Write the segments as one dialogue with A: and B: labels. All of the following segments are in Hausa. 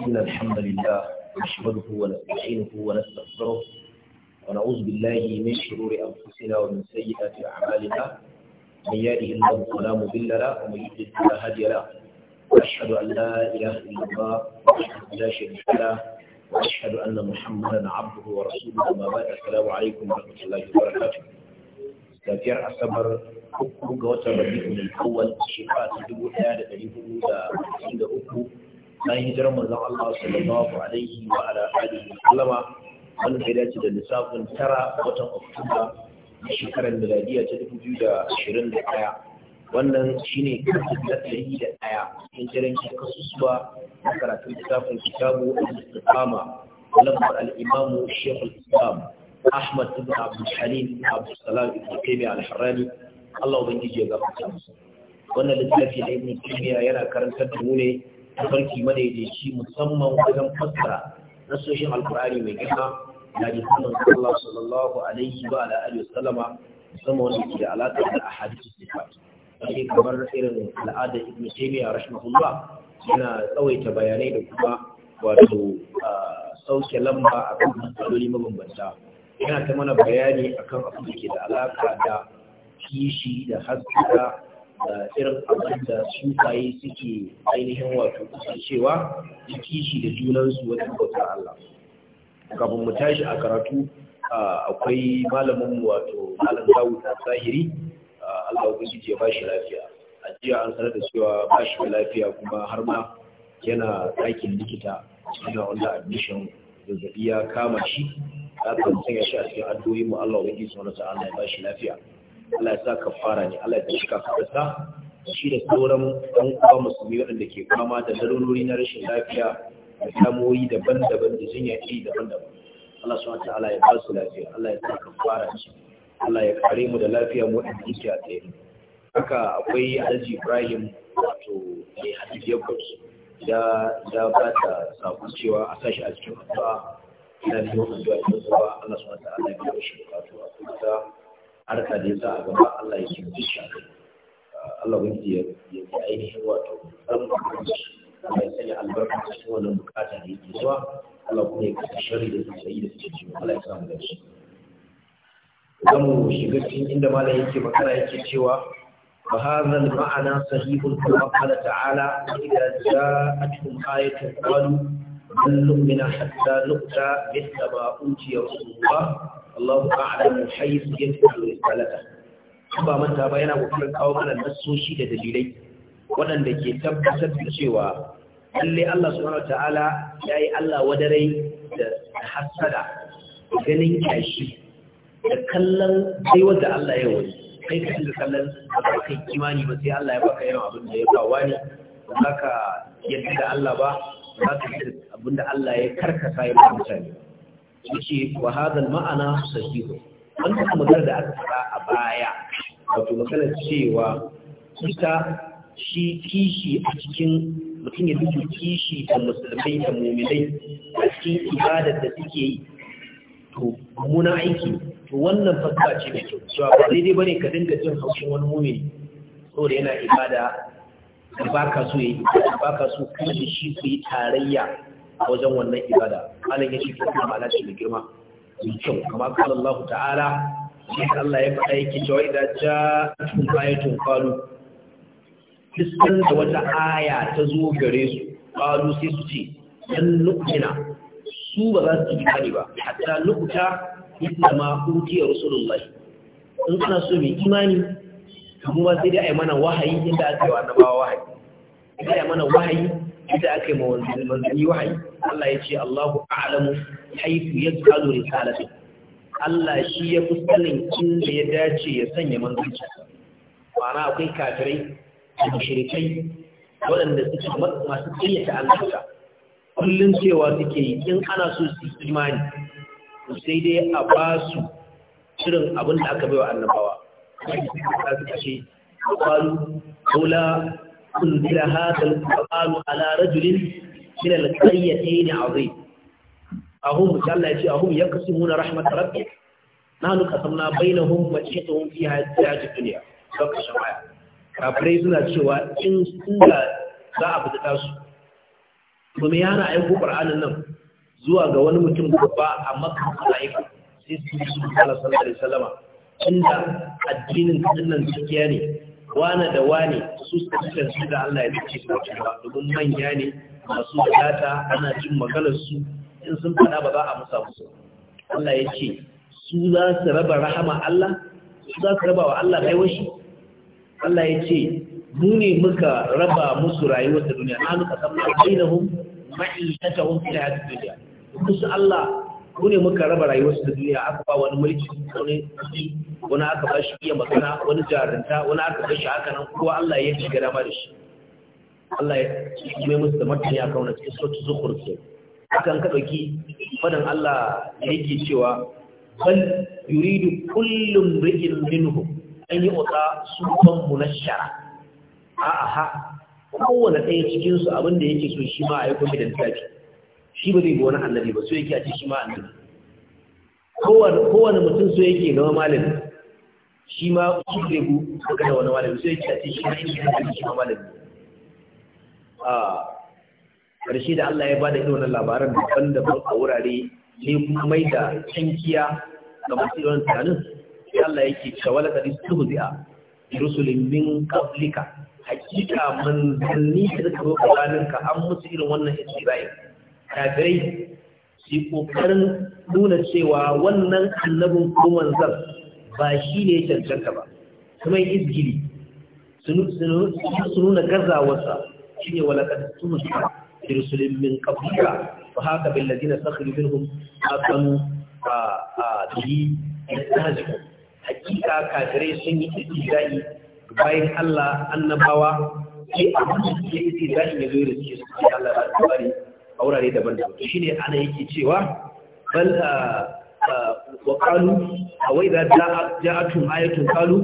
A: إن الحمد لله نحمده ونستعينه ونستغفره ونعوذ بالله من شرور أنفسنا ومن سيئات أعمالنا من يهده الله فلا مضل له ومن يضلل فلا هادي له وأشهد أن لا إله إلا الله وحده لا شريك له وأشهد أن محمدا عبده ورسوله ما بعد السلام عليكم ورحمة الله وبركاته tafiyar asabar uku ga watan rabi'ul awwal shekara ta dubu ɗaya da ɗari hudu da da uku bayan hijirar manzon Allah sallallahu alaihi wa ala alihi wa sallama wanda ya dace da lissafin tara watan Oktoba na shekarar miladiya ta dubu biyu da ashirin da ɗaya wannan shine kasu na ɗari da ɗaya cikin jiran kasusuwa na karatun lissafin kitabu al-istiqama lambar al-imamu shekul islam ahmad ibn abdul halim abdul salam ibn taymiyyah al-harrani Allah ubangiji ya gafarta musu wannan littafi na ibn taymiyyah yana karantar da mu ne tafarki madaidaici musamman wajen fassara nasoshin alkur'ani mai girma na hadisan Allah sallallahu alaihi wa ala alihi wasallama musamman wanda ke da alaƙa da ahadithu sifat sai kamar irin al'ada ibn taymiya rahimahullah yana tsawaita bayanai da kuma wato sauke lamba a kan matsaloli mabambanta yana ta mana bayani akan abin da ke da alaƙa da kishi da haskaka irin abin da kayi suke ainihin wato kusancewa da kishi da junansu wata bautar Allah. Kafin mu tashi a karatu akwai malamin wato malam da Zahiri Allah ji ya bashi lafiya. A jiya an sanar da cewa bashi lafiya kuma har ma yana dakin likita cikin wanda admission zazzabi ya kama shi. Kafin kan ya shi a cikin addu'o'in mu Allah ji subhanahu wa Allah ya bashi lafiya. Allah ya sa ka fara ne Allah ya tashi kafarsa shi da sauran ɗan uwa musulmi waɗanda ke fama da larurori na rashin lafiya da samoyi daban-daban da jinya ce daban-daban Allah subhanahu wa ta'ala ya ba su lafiya Allah ya sa ka fara shi Allah ya kare mu da lafiya mu da yake a tsaye haka akwai Alhaji Ibrahim wato ne mai hadisi da da ba ta sabu cewa a sashi a cikin addu'a ina da yawan addu'a ta zuwa Allah subhanahu wa ta'ala ya ba shi bukatu a kuma harka da sa a gaba Allah ya yi shi Allah wani ya yi ainihin wato ɗan ya sanya albarka cikin wannan bukata da yake zuwa Allah kuma ya kasa shari da tsayi da suke ciwo Allah ya samu da shi zan mu shiga cikin inda malam yake magana yake cewa فهذا المعنى صحيح كما قال تعالى إذا جاءتهم آية قالوا لن نؤمن حتى نؤتى مثل ما أوتي رسول الله Allahu a'lamu haythu yantahu risalata ba manta ba yana kokarin kawo mana nassoshi da dalilai waɗanda ke tabbatar da cewa lalle Allah subhanahu wataala yayi Allah wadarai da hasada ganin kyashi da kallon sai wanda Allah ya wani kai ka dinga kallon ba kai imani ba sai Allah ya baka yawan abin da ya kawo ne ba za ka yadda da Allah ba za ka yadda abin da Allah ya karkasa ya ba mutane yake wa hadal ma'ana sahihu an ta magana da aka fara a baya wato magana cewa ita shi kishi a cikin mutum ya duka kishi da musulmai da muminai a cikin ibadar da suke yi to muna aiki to wannan fasfa ce mai kyau cewa ba daidai bane ka dinga jin haushin wani mumin. mumini da yana ibada da baka so ya yi baka so kan shi su yi tarayya a wajen wannan ibada alin ya shi kuma ma'ana shi da girma mai kyau Kamar kala Allah ta'ala shi Allah ya faɗa yake cewa idan ja tun ayatun qalu fiskan da wata aya ta zo gare su qalu sai su ce dan nukina su ba za su yi bane ba hatta nu'ta inna ma utiya rasulullahi in kana so mai imani kuma sai dai a yi mana wahayi inda aka yi wa annabawa wahayi sai a yi mana wahayi inda aka yi ma manzanni wahayi Allah ya ce Allahu a'lamu haythu yaj'alu risalatahu Allah shi ya fi sanin inda ya dace ya sanya manzanci ma'ana akwai kafirai da mushrikai waɗanda suke masu ta Allah kullum cewa suke yi in ana so su imani sai dai a ba su shirin abin da aka baiwa annabawa ta suka ce qalu qula unzila hadha ala rajulin min al-qaryatayn azim ahum Allah ya ce ahum yaqsimuna rahmat rabbik nahnu qasamna bainahum ma'ishatuhum fi hayatid dunya saka shawaya kafirai suna cewa in suna za a fita su kuma yana aiko Qur'anin nan zuwa ga wani mutum babba a Makka Malaika sai su yi sallallahu alaihi wasallama inda addinin dinnan cikiya ne wane da wane da Allah ya tace su ba domin manya ne masu wadata ana cin su in sun fada ba za a musa musu Allah ya ce su za su raba rahama Allah su za su raba wa Allah baiwashi Allah ya ce mu ne muka raba musu rayuwar da duniya an ka san bainahum ma'ishatahum fil hayatid dunya musu Allah mu ne muka raba rayuwar su da duniya aka ba wani mulki wani kuɗi wani aka ba shi iya magana wani jarunta wani aka ba shi haka nan kowa Allah ya ci gaba da shi Allah ya mai musu da martani a kauna cikin sautu zuhur ke akan ka ɗauki fadan Allah ya yake cewa bal yuridu kullum rikin minhu an yi otsa na munashara a aha kowane ɗaya cikinsu abin da yake so shi ma a yi kuma da shi ba zai ga wani annabi ba so yake a ce shi ma annabi kowane mutum so yake zama malami shi ma shi zai ga wani malami so yake a ce shi ma shi ma malami ƙarshe da Allah ya bada da wannan labaran daban-daban a wurare ne kuma mai da cankiya ga masu yawan tunanin sai Allah yake shawala da istuhzi'a rusulin min kaflika hakika manzanni da suka zo ka an musu irin wannan isra'i kafirai su kokarin nuna cewa wannan annabin ko manzan ba shi ne ya cancanta ba kuma izgili su nuna gazawarsa shine wala kad tumsa rusulin min qablika fa haka bil ladina sakhiru minhum aqamu a a bi yastahziku hakika kafirai sun yi istizai bayan Allah annabawa sai abin da ke istizai ya zo da su sai Allah ya tsare a wurare daban-daban shine ana yake cewa bal wa qalu awai da ja'atum ayatun qalu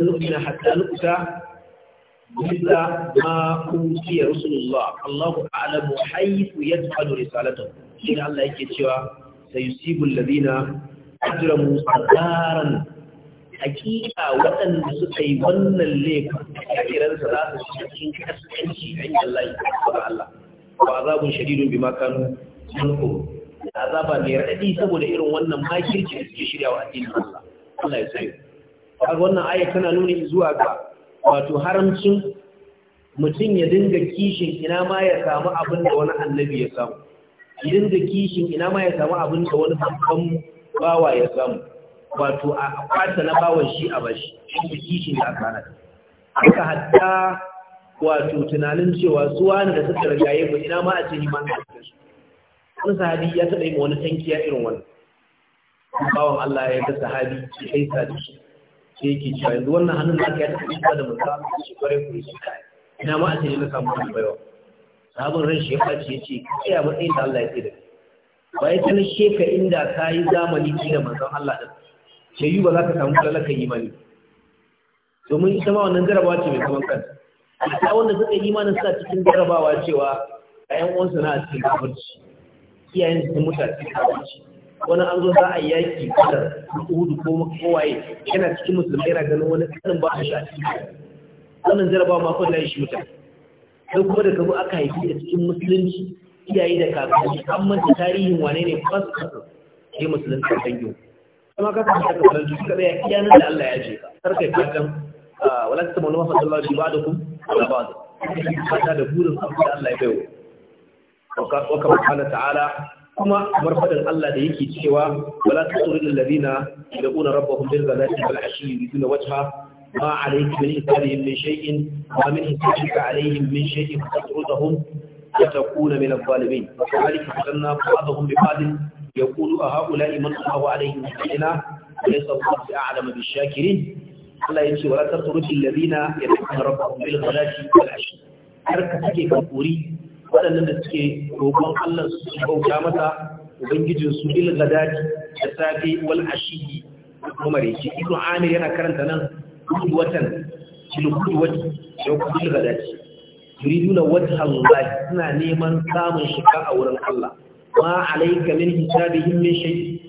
A: nu'mina hatta nu'ta bisa ma kunciya rasulullah Allahu a'lamu haythu yad'u risalatu shi Allah yake cewa sayusibu alladhina ajramu sadaran hakika waɗanda suka yi wannan laifin a sa, za su shi cikin kaskanci an Allah ya kuma Allah wa azabun shadidun bi makanu yanku azaba mai raɗaɗi saboda irin wannan makirci da suke wa addinin Allah Allah ya sayo. kaga wannan aya tana nuni zuwa ga wato haramcin mutum ya dinga kishin ina ma ya samu abin da wani annabi ya samu ya dinga kishin ina ma ya samu abin da wani babban bawa ya samu wato a kwata na bawan shi a bashi shi kishin da aka haka hatta wato tunanin cewa su wani da suka rigaye mu ina ma a ce ma a cikin su wani sahabi ya taɓa yi ma wani tankiya irin wannan bawan Allah ya ga sahabi ya kai sa da shi sai yake cewa yanzu wannan hannun da aka yi tafi ita da musamman da shi kwarai kuri shi kai ina ma asali na samu wani baiwa sabon ran shi ya face ya ce ka a matsayin da Allah ya tsaye da kai bayan ta na sheka inda ka yi zamani ki da manzon Allah da ke yi ba za ka samu kala ka yi mani domin ita ma wannan jarabawa ce mai kaman kanta ita wanda suka yi imanin suna cikin jarabawa cewa a yan uwansu na a cikin kafirci iyayen su sun mutu a cikin kafirci wani an zo za a yaki kasar uhudu ko kowaye yana cikin musulmai yana ganin wani kanin ba a shafi. a cikin wannan jaraba ma kwan layi shi mutane sai kuma da kabu aka haifi a cikin musulunci iyaye da kakanni an manta tarihin wane ne kwas kasa sai musulun ka dangi kuma ka san ka karanta duka da iya nan da Allah ya je ka sarkai fatan wala ta mallama fa sallallahu alaihi wa sallam ala ba'd fata da burin da Allah ya bayo wa kama ta'ala kuma kamar faɗin Allah da yake cewa wala tusuridul ladina yad'una rabbahum bil ghadati wal ashi yuduna wajha ma alayka min hisabihim min shay'in wa min hisabika alayhim min shay'in fatrudahum yatakuna min adh-dhalimin wa kadhalika fatanna ba'dahum bi ba'd yaqulu a ha'ula'i man Allahu alayhim min laysa Allahu a'lamu bish-shakirin Allah yace wala tusuridul ladina yad'una rabbahum bil ghadati wal ashi har ka take kan kuri waɗannan da suke roƙon Allah su bauta masa ubangijin su bil gadati da safi wal ashiyi kuma reci ibnu amir yana karanta nan kudu watan cilu kudu wati yau kudu gadati yuriduna wajha Allah suna neman samun shiga a wurin Allah ma alayka min hisabihim min shay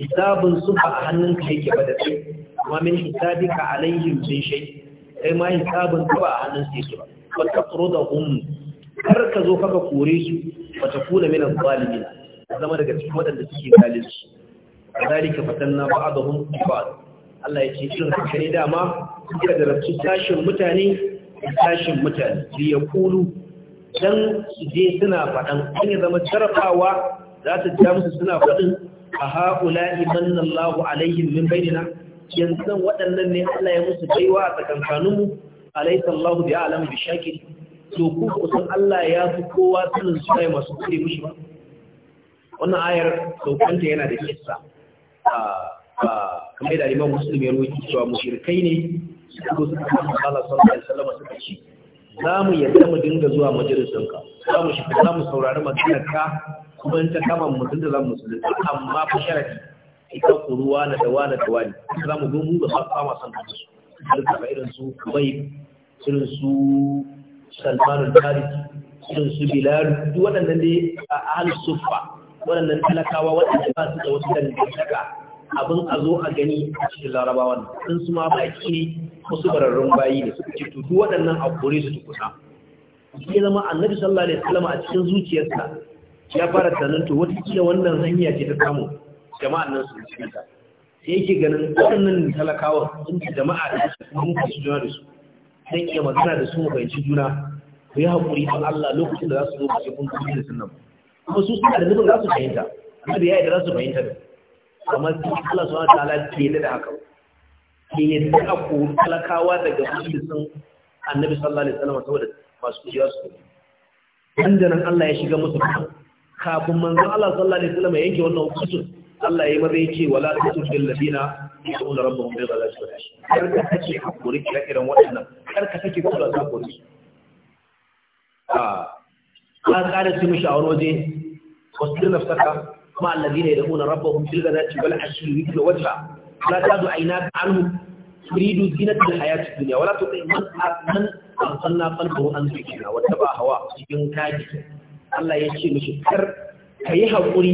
A: hisabun su ba a hannunka yake ba da kai kuma min hisabika alaihim min shay kai ma hisabun ka ba a hannun su yake ba wa taqrudahum kar ka zo kaka kore su ba kula kuna mina zalimi zama daga cikin waɗanda suke zalunci zalika fatanna ba'dahum ba'd Allah ya ce shin haka ne dama suka da rasu tashin mutane tashin mutane su ya kulu dan su je suna faɗan an yi zama jarabawa za ta ja musu suna faɗin a ha'ula'i mannallahu alaihim min bainina yanzu waɗannan ne Allah ya musu baiwa a tsakankaninmu alaihi sallahu bi a'lamu bi shakiri to ku kusan Allah ya fi kowa sanin sunaye masu kure mushi ba wannan ayar saukanta yana da kissa kamar da liman musulmi ya roki cewa mushirkai ne suka su suka kama Allah sallallahu alaihi wasallam suka ce za mu yadda mu dinga zuwa ka za mu shi za mu saurari ka kuma in ta kama mu dinga za mu musulunta amma fa sharadi ita ku ruwa na da wani da wani za mu zo mu ga ba ma san da su irin su bai irin su salmanu farisi sun su bilal duk waɗannan ne a ahlus sufa waɗannan talakawa waɗanda ba su da wasu dangantaka abin a zo a gani a cikin larabawan sun su ma baki ne wasu bararrun bayi da su ke tutu waɗannan a kore su tukuna sai zama annabi sallallahu alaihi wasallam a cikin zuciyarsa ya fara tunanin to wata kila wannan hanya ce ta samu jama'an nan su cikin ta sai yake ganin waɗannan talakawa sun jama'a da su kuma su juna da su zan iya magana da su mu juna ku yi haƙuri a Allah lokacin da za su zo ba kun kuma da sunan kuma su suna da nufin za su fahimta amma da yayi da za su fahimta da amma sai Allah subhanahu wataala ke da haka ke yadda da ko talakawa daga sun annabi sallallahu alaihi wasallam saboda masu kujewa su dan da nan Allah ya shiga musu kafin manzon Allah sallallahu alaihi wasallam ya yanke wannan hukuncin Allah ya yi maza ya ce wala tutul lil ladina يقول ربهم بغلا سلاش كركا تكي حقوري كرا وأنا كركا تكي كلا حقوري آه قال سمش أورودي واصبر نفسك مع الذين يدعون ربهم بالغداة والعشي يريدون وجهه لا تعد عيناك عنهم تريد زينة الحياة الدنيا ولا تطع من من أغفلنا قلبه عن ذكرنا واتبع هواه cikin kaji Allah ya ce mishi kar kayi hakuri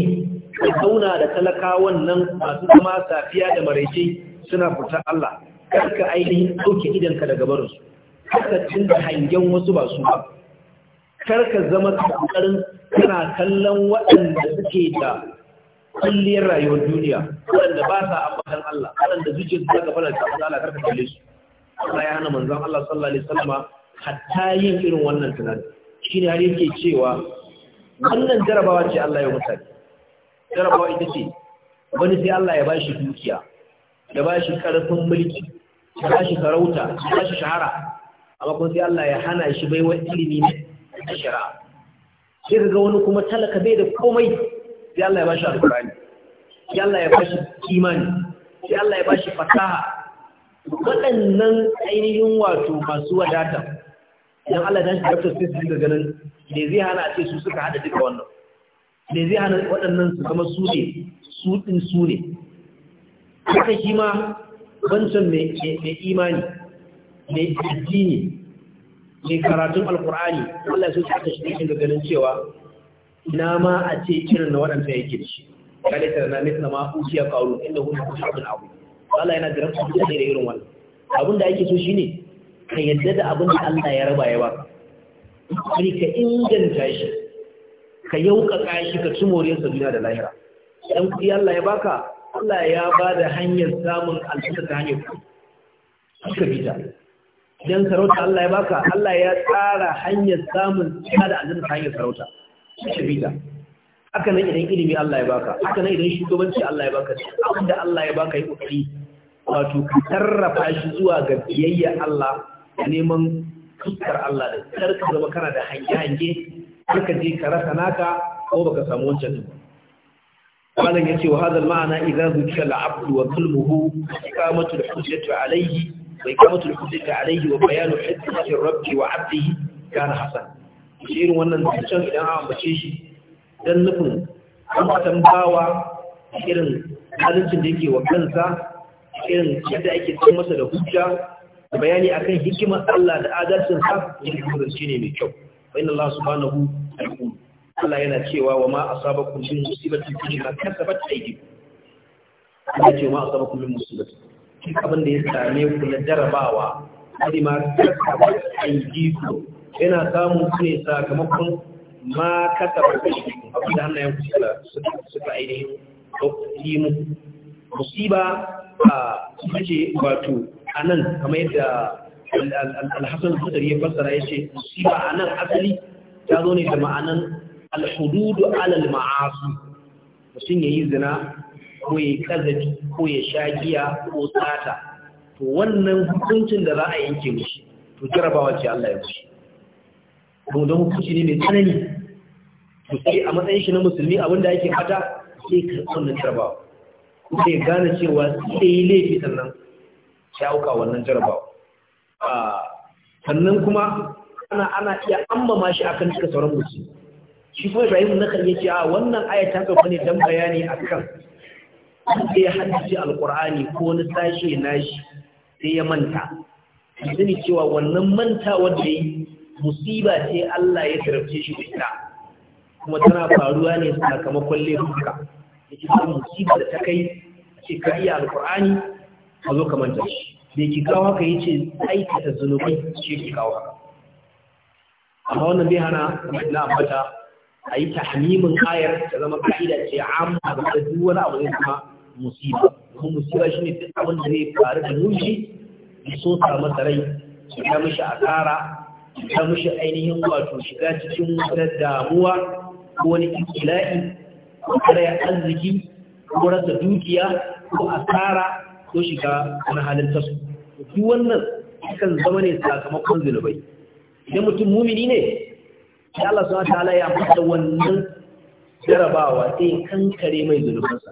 A: ka zauna da talakawan nan masu zama safiya da maraice suna fita Allah karka ainihin ɗauke idanka daga barinsu karka da hangen wasu ba su ba karka zama tsarin kana kallon waɗanda suke da kulliyar rayuwar duniya waɗanda ba sa ambatan Allah waɗanda zuciyar su daga fara cikin Allah karka kalle su Allah ya hana manzon Allah sallallahu alaihi hatta yin irin wannan tunani ne har yake cewa wannan jarabawa ce Allah ya mutane jarabawa ita ce wani sai Allah ya bashi dukiya ya bashi karfin mulki ya bashi sarauta ya bashi shahara amma kuma sai Allah ya hana shi baiwa ilimi a shara sai ga wani kuma talaka bai da komai sai Allah ya bashi alƙur'ani sai Allah ya bashi kimani, sai Allah ya bashi fasaha waɗannan ainihin wato masu wadata idan Allah ya da daftar sai su ganin me zai hana a ce su suka hada duka wannan da zai hana waɗannan su kama su ne su ɗin su ne haka shi ma wancan mai imani mai addini mai karatun alkur'ani Allah su ta shi cikin ganin cewa na ma a ce irin na waɗanda yake da shi kale tare na mitna ma ukiya kawo inda hudu ku shafin abu Allah yana jiran su da irin wannan abin da ake so shine ka yadda da abin da Allah ya raba ya ba ka inganta shi ka yauƙaƙa shi ka ci sa duniya da lahira idan kuɗi Allah ya baka Allah ya ba da hanyar samun alfita ta hanyar ku ka bita idan sarauta Allah ya baka Allah ya tsara hanyar samun tsada alfita ta hanyar sarauta ka bita haka nan idan ilimi Allah ya baka haka nan idan shugabanci Allah ya baka abin da Allah ya baka yi kokari wato ka sarrafa shi zuwa ga biyayya Allah neman fuskar Allah da tsarkar zama kana da hange-hange har ka je ka rasa naka ko baka samu wancan ba Malam yace wa hadal ma'ana idza zukira al-abd wa qalbuhu iqamatu al-hujjati alayhi wa iqamatu al-hujjati alayhi wa bayanu hujjati rabbi wa 'abdihi kana hasan irin wannan zancen idan an ambace shi dan nufin an bawa irin halittun da yake wa kansa irin yadda ake cikin masa da hujja da bayani akan hikimar Allah da adalcinsa yin kurance ne mai kyau fa inna Allah subhanahu alaikum Allah yana cewa wa ma asabakum min musibatin fa bima kasabat aydikum Allah ce ma a asabakum min musibatin kin abin da ya same ku na jarabawa bima aiki aydikum yana samun ku ne sakamakon ma kasabat aydikum abin da hannayen ku suka suka ainihin yi muku musiba a ce wato a nan kamar yadda alhassan sadari ya fassara ya ce shi ma'anar asali ta zo ne da ma'anan alhududu alal ma'asu mutum ya yi zina ko ya kazafi ko ya sha giya ko tsata to wannan hukuncin da za a yanke mushi to jarabawa ce Allah ya mushi kuma don hukunci ne mai tsanani to sai a matsayin shi na musulmi abinda yake fata sai karɓar wannan jarabawa sai gane cewa sai yi laifi sannan sai auka wannan jarabawa sannan kuma ana ana iya ammama shi akan cika sauran musu shi kuma Ibrahim na kan yace a wannan ayata ta ne dan bayani akan sai ya haddace alqur'ani ko wani na shi sai ya manta sai cewa wannan manta wanda yi musiba sai Allah ya tarafce shi ita kuma tana faruwa ne sakamakon laifuka yake musiba da ta kai ce ka iya alqur'ani a zo ka manta shi me ki kawo haka ce aikata zunubai shi ki kawo haka amma wannan bai hana kamar na ambata a yi hamimin ayar ta zama ka'ida ce amma ga da duk wani abu zai kuma musiba kuma musiba shine duk abin da zai faru da nushi ya so ta masa rai ta mishi asara ta mishi ainihin wato shiga cikin wata damuwa ko wani ikila'i ko karayar arziki ko rasa dukiya ko asara ko shiga wani halin su duk wannan kan zama ne sakamakon zunubai idan mutum mumini ne sai Allah subhanahu ya fada wannan jarabawa sai kankare mai zunubansa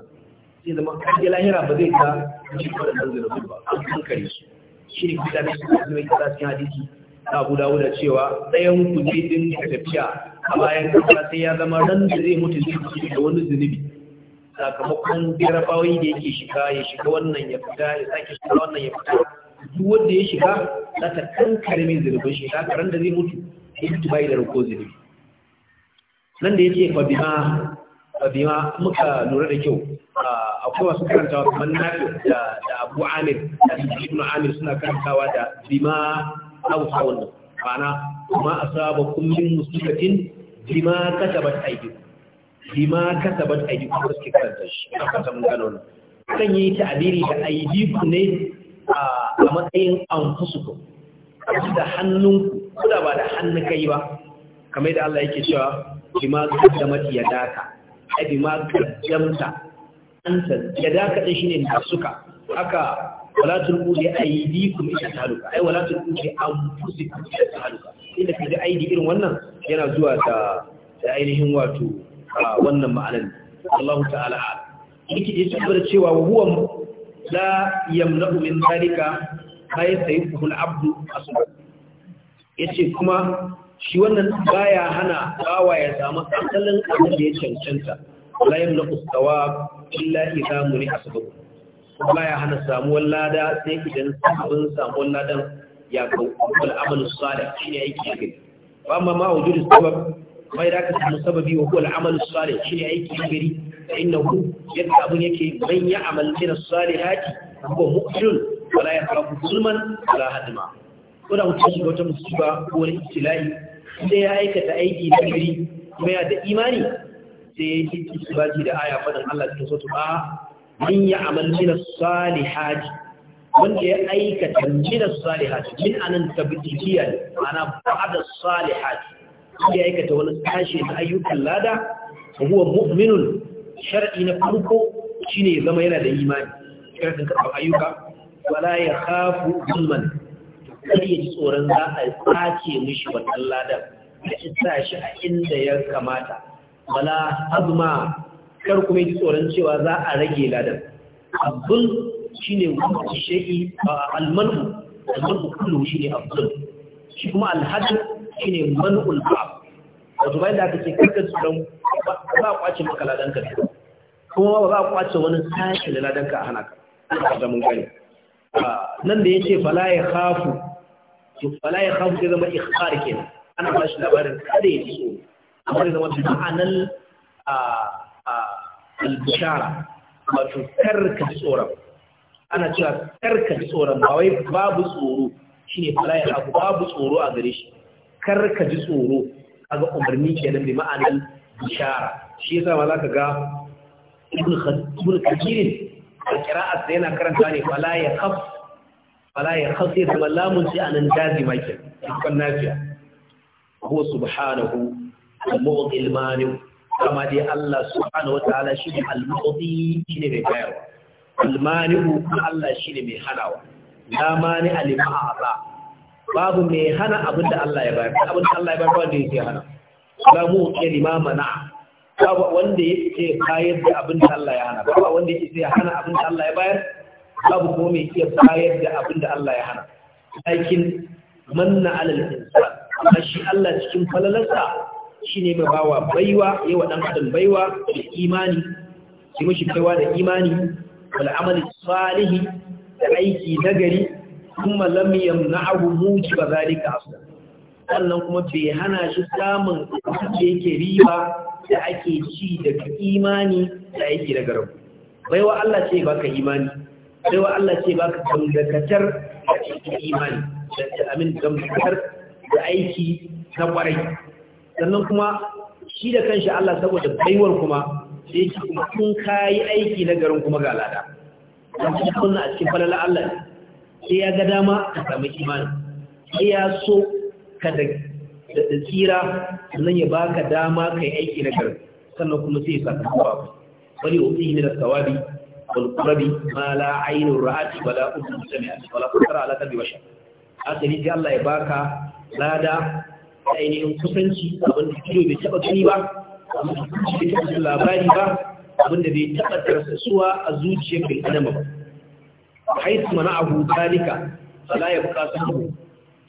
A: sai zama kaje lahira ba zai ta shi wannan zunubin ba an kankare su shi ne kuka da kira cikin hadisi na Abu Dawud cewa ɗayan kuje din din tafiya a bayan kasa sai ya zama ran da zai mutu zai da wani zunubi sakamakon birabawai da yake shiga ya shiga wannan ya fita ya sake shiga wannan ya fita duk wanda ya shiga za ta kan min zunubin shi ta karan da zai mutu ya mutu bai da rako nan da yake fa bima fa muka lura da kyau akwai wasu karantawa kamar nafi da da Abu Amir da Ibn Amir suna karantawa da bima hausa wannan ma'ana kuma asaba kullum musibatin bima katabat aikin. bima kasabat aydikum ko suke karanta shi a kasan gano wannan kan yi ta'abiri da aydikum ne a matsayin anfusukum da hannun ko da ba da hannu kai ba kamar da Allah yake cewa bima qaddamat yadaka ai bima qaddamta anta yadaka din shine da suka aka wala tulqu bi aydikum ila taluka ai wala tulqu bi anfusikum ila taluka inda kaje aidi irin wannan yana zuwa da da ainihin wato wannan ma'anar Allah ta'ala yake yi da cewa huwa la yamna'u min zalika ay sayfuhu abdu aslan yace kuma shi wannan baya hana bawa ya samu asalin abin da ya cancanta la yamna'u thawab illa idha muni asbabu baya hana samuwar lada sai idan sun samuwar ladan ya kawo al salih shine yake ba amma ma wujudu sabab bai da ka samu sababi wa kuwa al'amalu salih shi ne aiki na gari inna ku yadda abin yake manya ya amal min as-salihati a mu'minun wala yakhafu zulman wala hadma ko da mutum shiga wata musiba ko wani ibtila'i sai ya aikata aiki na gari kuma ya da imani sai ya yi isbati da aya fadan Allah cikin sura ba man ya amal min as-salihati wanda ya aikata min as-salihati min anan tabdikiya ana ba'da as-salihati ya aikata wani sashe na ayyukan lada huwa mu'minun shar'i na farko shine ya zama yana da imani sharadin karɓar ayyuka wala ya khafu zulman kar ya ji tsoron za a sace mishi wannan ladan da isa shi a inda ya kamata wala azma kar kuma ya ji tsoron cewa za a rage lada. abdul shine wani shay'i almanu almanu kullu shine abdul shi kuma alhadin shine man'ul ba. wato bayan da aka ce karka tsoron ba za a kwace maka ladanka ne kuma ba za a kwace wani sashi da ladanka a hana ka a zaman gani nan da ya ce fala ya hafu fala ya hafu zai zama ikhbar kenan ana ba shi labarin kada ya so amma zai zama ma'anar al-bishara wato karka tsoron ana cewa karka tsoron ba wai babu tsoro shine fala ya hafu babu tsoro a gare shi kar ka ji tsoro kaga umarni kenan bi ma'anar bishara shi yasa ma zaka ga ibn kathir a qira'at yana karanta ne fala ya khaf fala ya khaf ya sallamun ji anan dazi makin kan nafiya هو سبحانه المعطي المانع كما دي الله سبحانه وتعالى شيء المعطي شيء مي بايروا المانع الله شيء مي حلاوا لا مانع لما اعطى babu mai hana abin da Allah ya bayar abin da Allah ya bayar wanda yake hana la mu ke limama na babu wanda yake bayar da abin da Allah ya hana babu wanda yake hana abin da Allah ya bayar babu kuma mai iya bayar da abin da Allah ya hana lakin manna alal insan amma shi Allah cikin falalarsa shine mai bawa baiwa yawa dan adam baiwa da imani shi mishi kaiwa da imani wal amali salihi, da aiki nagari kuma lam yamna'ahu mujiba zalika aslan sannan kuma bai hana shi samun abin da yake riba da ake ci daga imani da yake daga rabu baiwa Allah ce baka imani baiwa Allah ce baka gamdakatar da cikin imani da amin gamdakatar da aiki na kwarai sannan kuma shi da kanshi Allah saboda baiwar kuma sai ki kuma kun kayi aiki na garin kuma ga lada wannan a cikin falala Allah ne sai ya ga dama ka sami imani sai ya so ka da tsira sannan ya baka dama ka yi aiki na gari sannan kuma sai ya sa ka ba wani ofi ne da sawabi walƙurabi ma la ainihin ra'ati ba la ƙudun sami'a ba la ƙudura ala kalbi washa asali sai Allah ya baka lada da ainihin kusanci abinda kiro bai taɓa gani ba abinda bai taɓa labari ba abinda bai taɓa tarsasuwa a zuciyar bil'adama ba haitu na abu dalika fala ya buƙa samu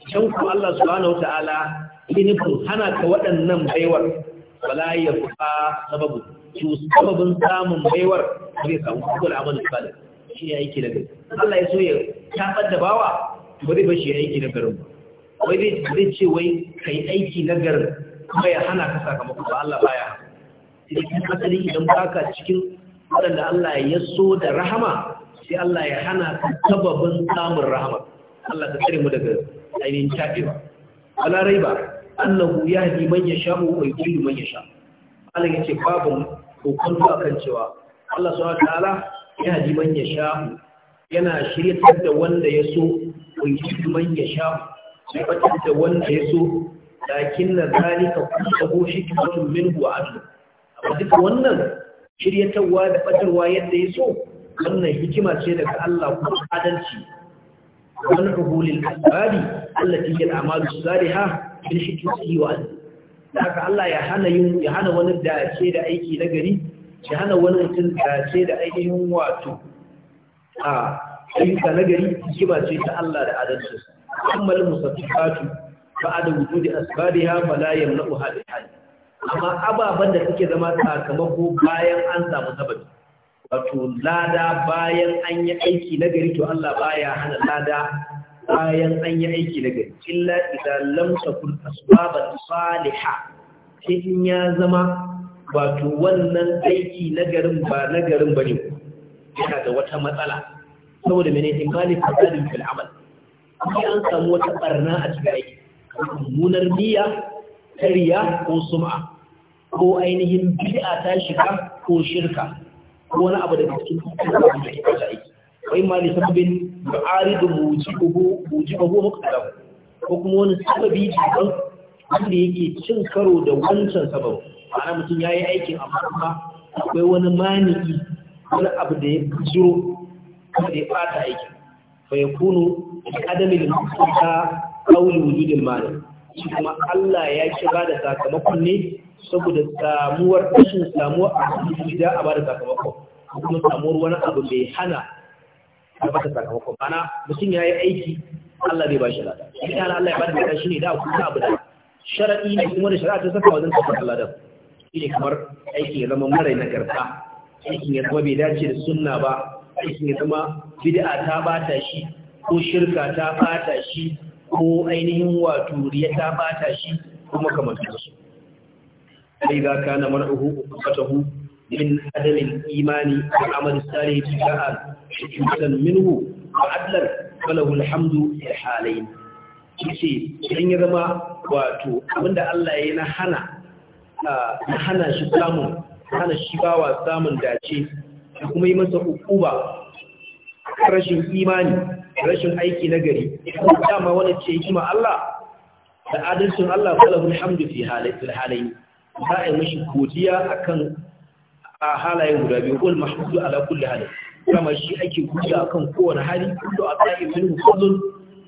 A: can ku Allah subhanahu ta'ala inifin hana ka waɗannan baiwar fala ya buƙa sababu to sababin samun baiwar zai samu kukul amalin salih shi ya aiki da gari Allah ya so ya tabar da bawa ba zai bashi ya aiki na garin ba wai zai ce wai ka yi aiki na garin kuma ya hana ka sakamakon ba Allah baya sai asali idan baka cikin waɗanda Allah ya so da rahama sai Allah ya hana ka sababin samun rahama Allah ka tsare mu daga ainihin shafewa wala raiba annahu yahdi man yasha wa yudillu man yasha Allah yace babu kokon akan cewa Allah subhanahu wa ta'ala yahdi man yasha yana shirya da wanda ya so kunshi man ya sai shiryatar da wanda ya so lakin na zalika kusurgo shi kimanin minhu a adu amma duk wannan shiryatarwa da batarwa yadda ya so wannan hikima ce daga Allah kuma adalci wani rahulil asbari Allah cikin amalu saliha bil hikmati wa haka Allah ya hana yin ya hana wani da dace da aiki na gari ya hana wani mutum dace da ainihin wato a ayyuka na gari hikima ce ta Allah da adalci ammal musaffatu ba'da wujudi asbariha fala yamna'uha bil hal amma ababan da suke zama sakamako bayan an samu sababi wato lada bayan an yi aiki na gari to Allah baya hana lada bayan an yi aiki na gari illa idan lam takun asbabat salihah sai in ya zama wato wannan aiki na garin ba na garin bane yana da wata matsala saboda mene in bani fasadin fil amal sai an samu wata barna a cikin aiki munar niyya tariya ko sum'a ko ainihin bi'a ta shiga ko shirka ko wani abu daga cikin cikin da wanda ke kwata aiki wai ma ne sababin ma'ari da mujibahu muktala ko kuma wani sababi daban wanda yake cin karo da wancan sabab ma'ana mutum ya yi aikin amma kuma akwai wani maniki wani abu da ya jiro kuma da ya fata aiki. fa ya kunu da adamin ta kawulin wujudin malam shi kuma Allah ya kira da sakamakon ne saboda samuwar rashin samuwar a cikin gida a bada sakamakon, kuma samuwar wani abu mai hana a bada sakamakon mana mutum ya yi aiki Allah zai ba shi lada shi ne Allah ya bada mai shi ne da kuma abu da shara'i ne kuma da shari'a ta saka wajen tafiya Allah da shi ne kamar aikin ya zama na nagarta aikin ya zama bai dace da sunna ba aikin ya zama bid'a ta bata shi ko shirka ta bata shi ko ainihin wato riya ta bata shi kuma kamar su فإذا كان مرعه أخته من عدم الإيمان والعمل الصالح جاء شكوكا منه وعدلا فله الحمد في الحالين yace idan ya zama wato abin da Allah ya na hana na hana shi samun hana shi bawa samun dace da kuma yi masa hukuba rashin imani rashin aiki na gari dama wani ce hikima Allah da adalcin Allah falahul hamdu fi halayen za a yi mashi godiya akan a halayen guda biyu wal ala kulli hali kama shi ake a akan kowane hali kullu a tsaye minhu fadl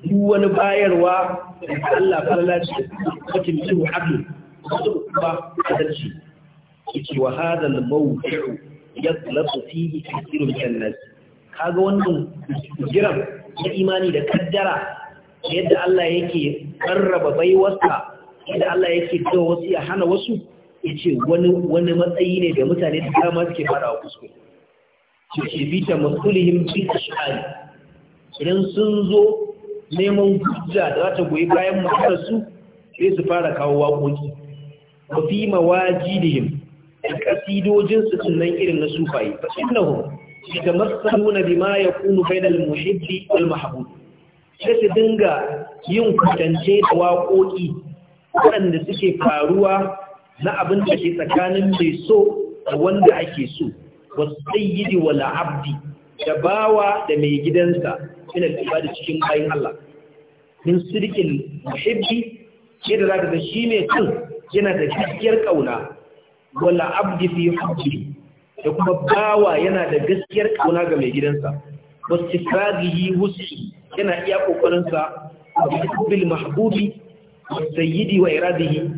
A: duk wani bayarwa da Allah falala ce mutum minhu adl wasu kuma adalci yake wa hadha al mawdi'u yatlabu fihi kathirun min an Ka ga wannan jiran na imani da kaddara yadda Allah yake karraba baiwarsa yadda Allah yake cewa wasu ya hana wasu ya ce wani matsayi ne da mutane da dama suke fara a kuskure su ce bita masulihim bin ashari idan sun zo neman hujja da za ta goyi bayan matarsu sai su fara kawo waƙoƙi wa fi mawajidihim da kasidojin su sunan irin na sufaye fa innahu yatamassaluna bima yakunu bainal muhibbi wal mahbub sai su dinga yin kwatance da waƙoƙi waɗanda suke faruwa na abin da ke tsakanin mai so da wanda ake so wasu tsayyidi wala abdi da bawa da mai gidansa ina da cikin bayan Allah min sirkin muhibbi ce da zaka shi ne kan yana da gaskiyar kauna wala abdi fi hubbi da kuma bawa yana da gaskiyar kauna ga mai gidansa wasifadihi wusi yana iya kokarin sa bil mahbubi wa sayyidi wa iradihi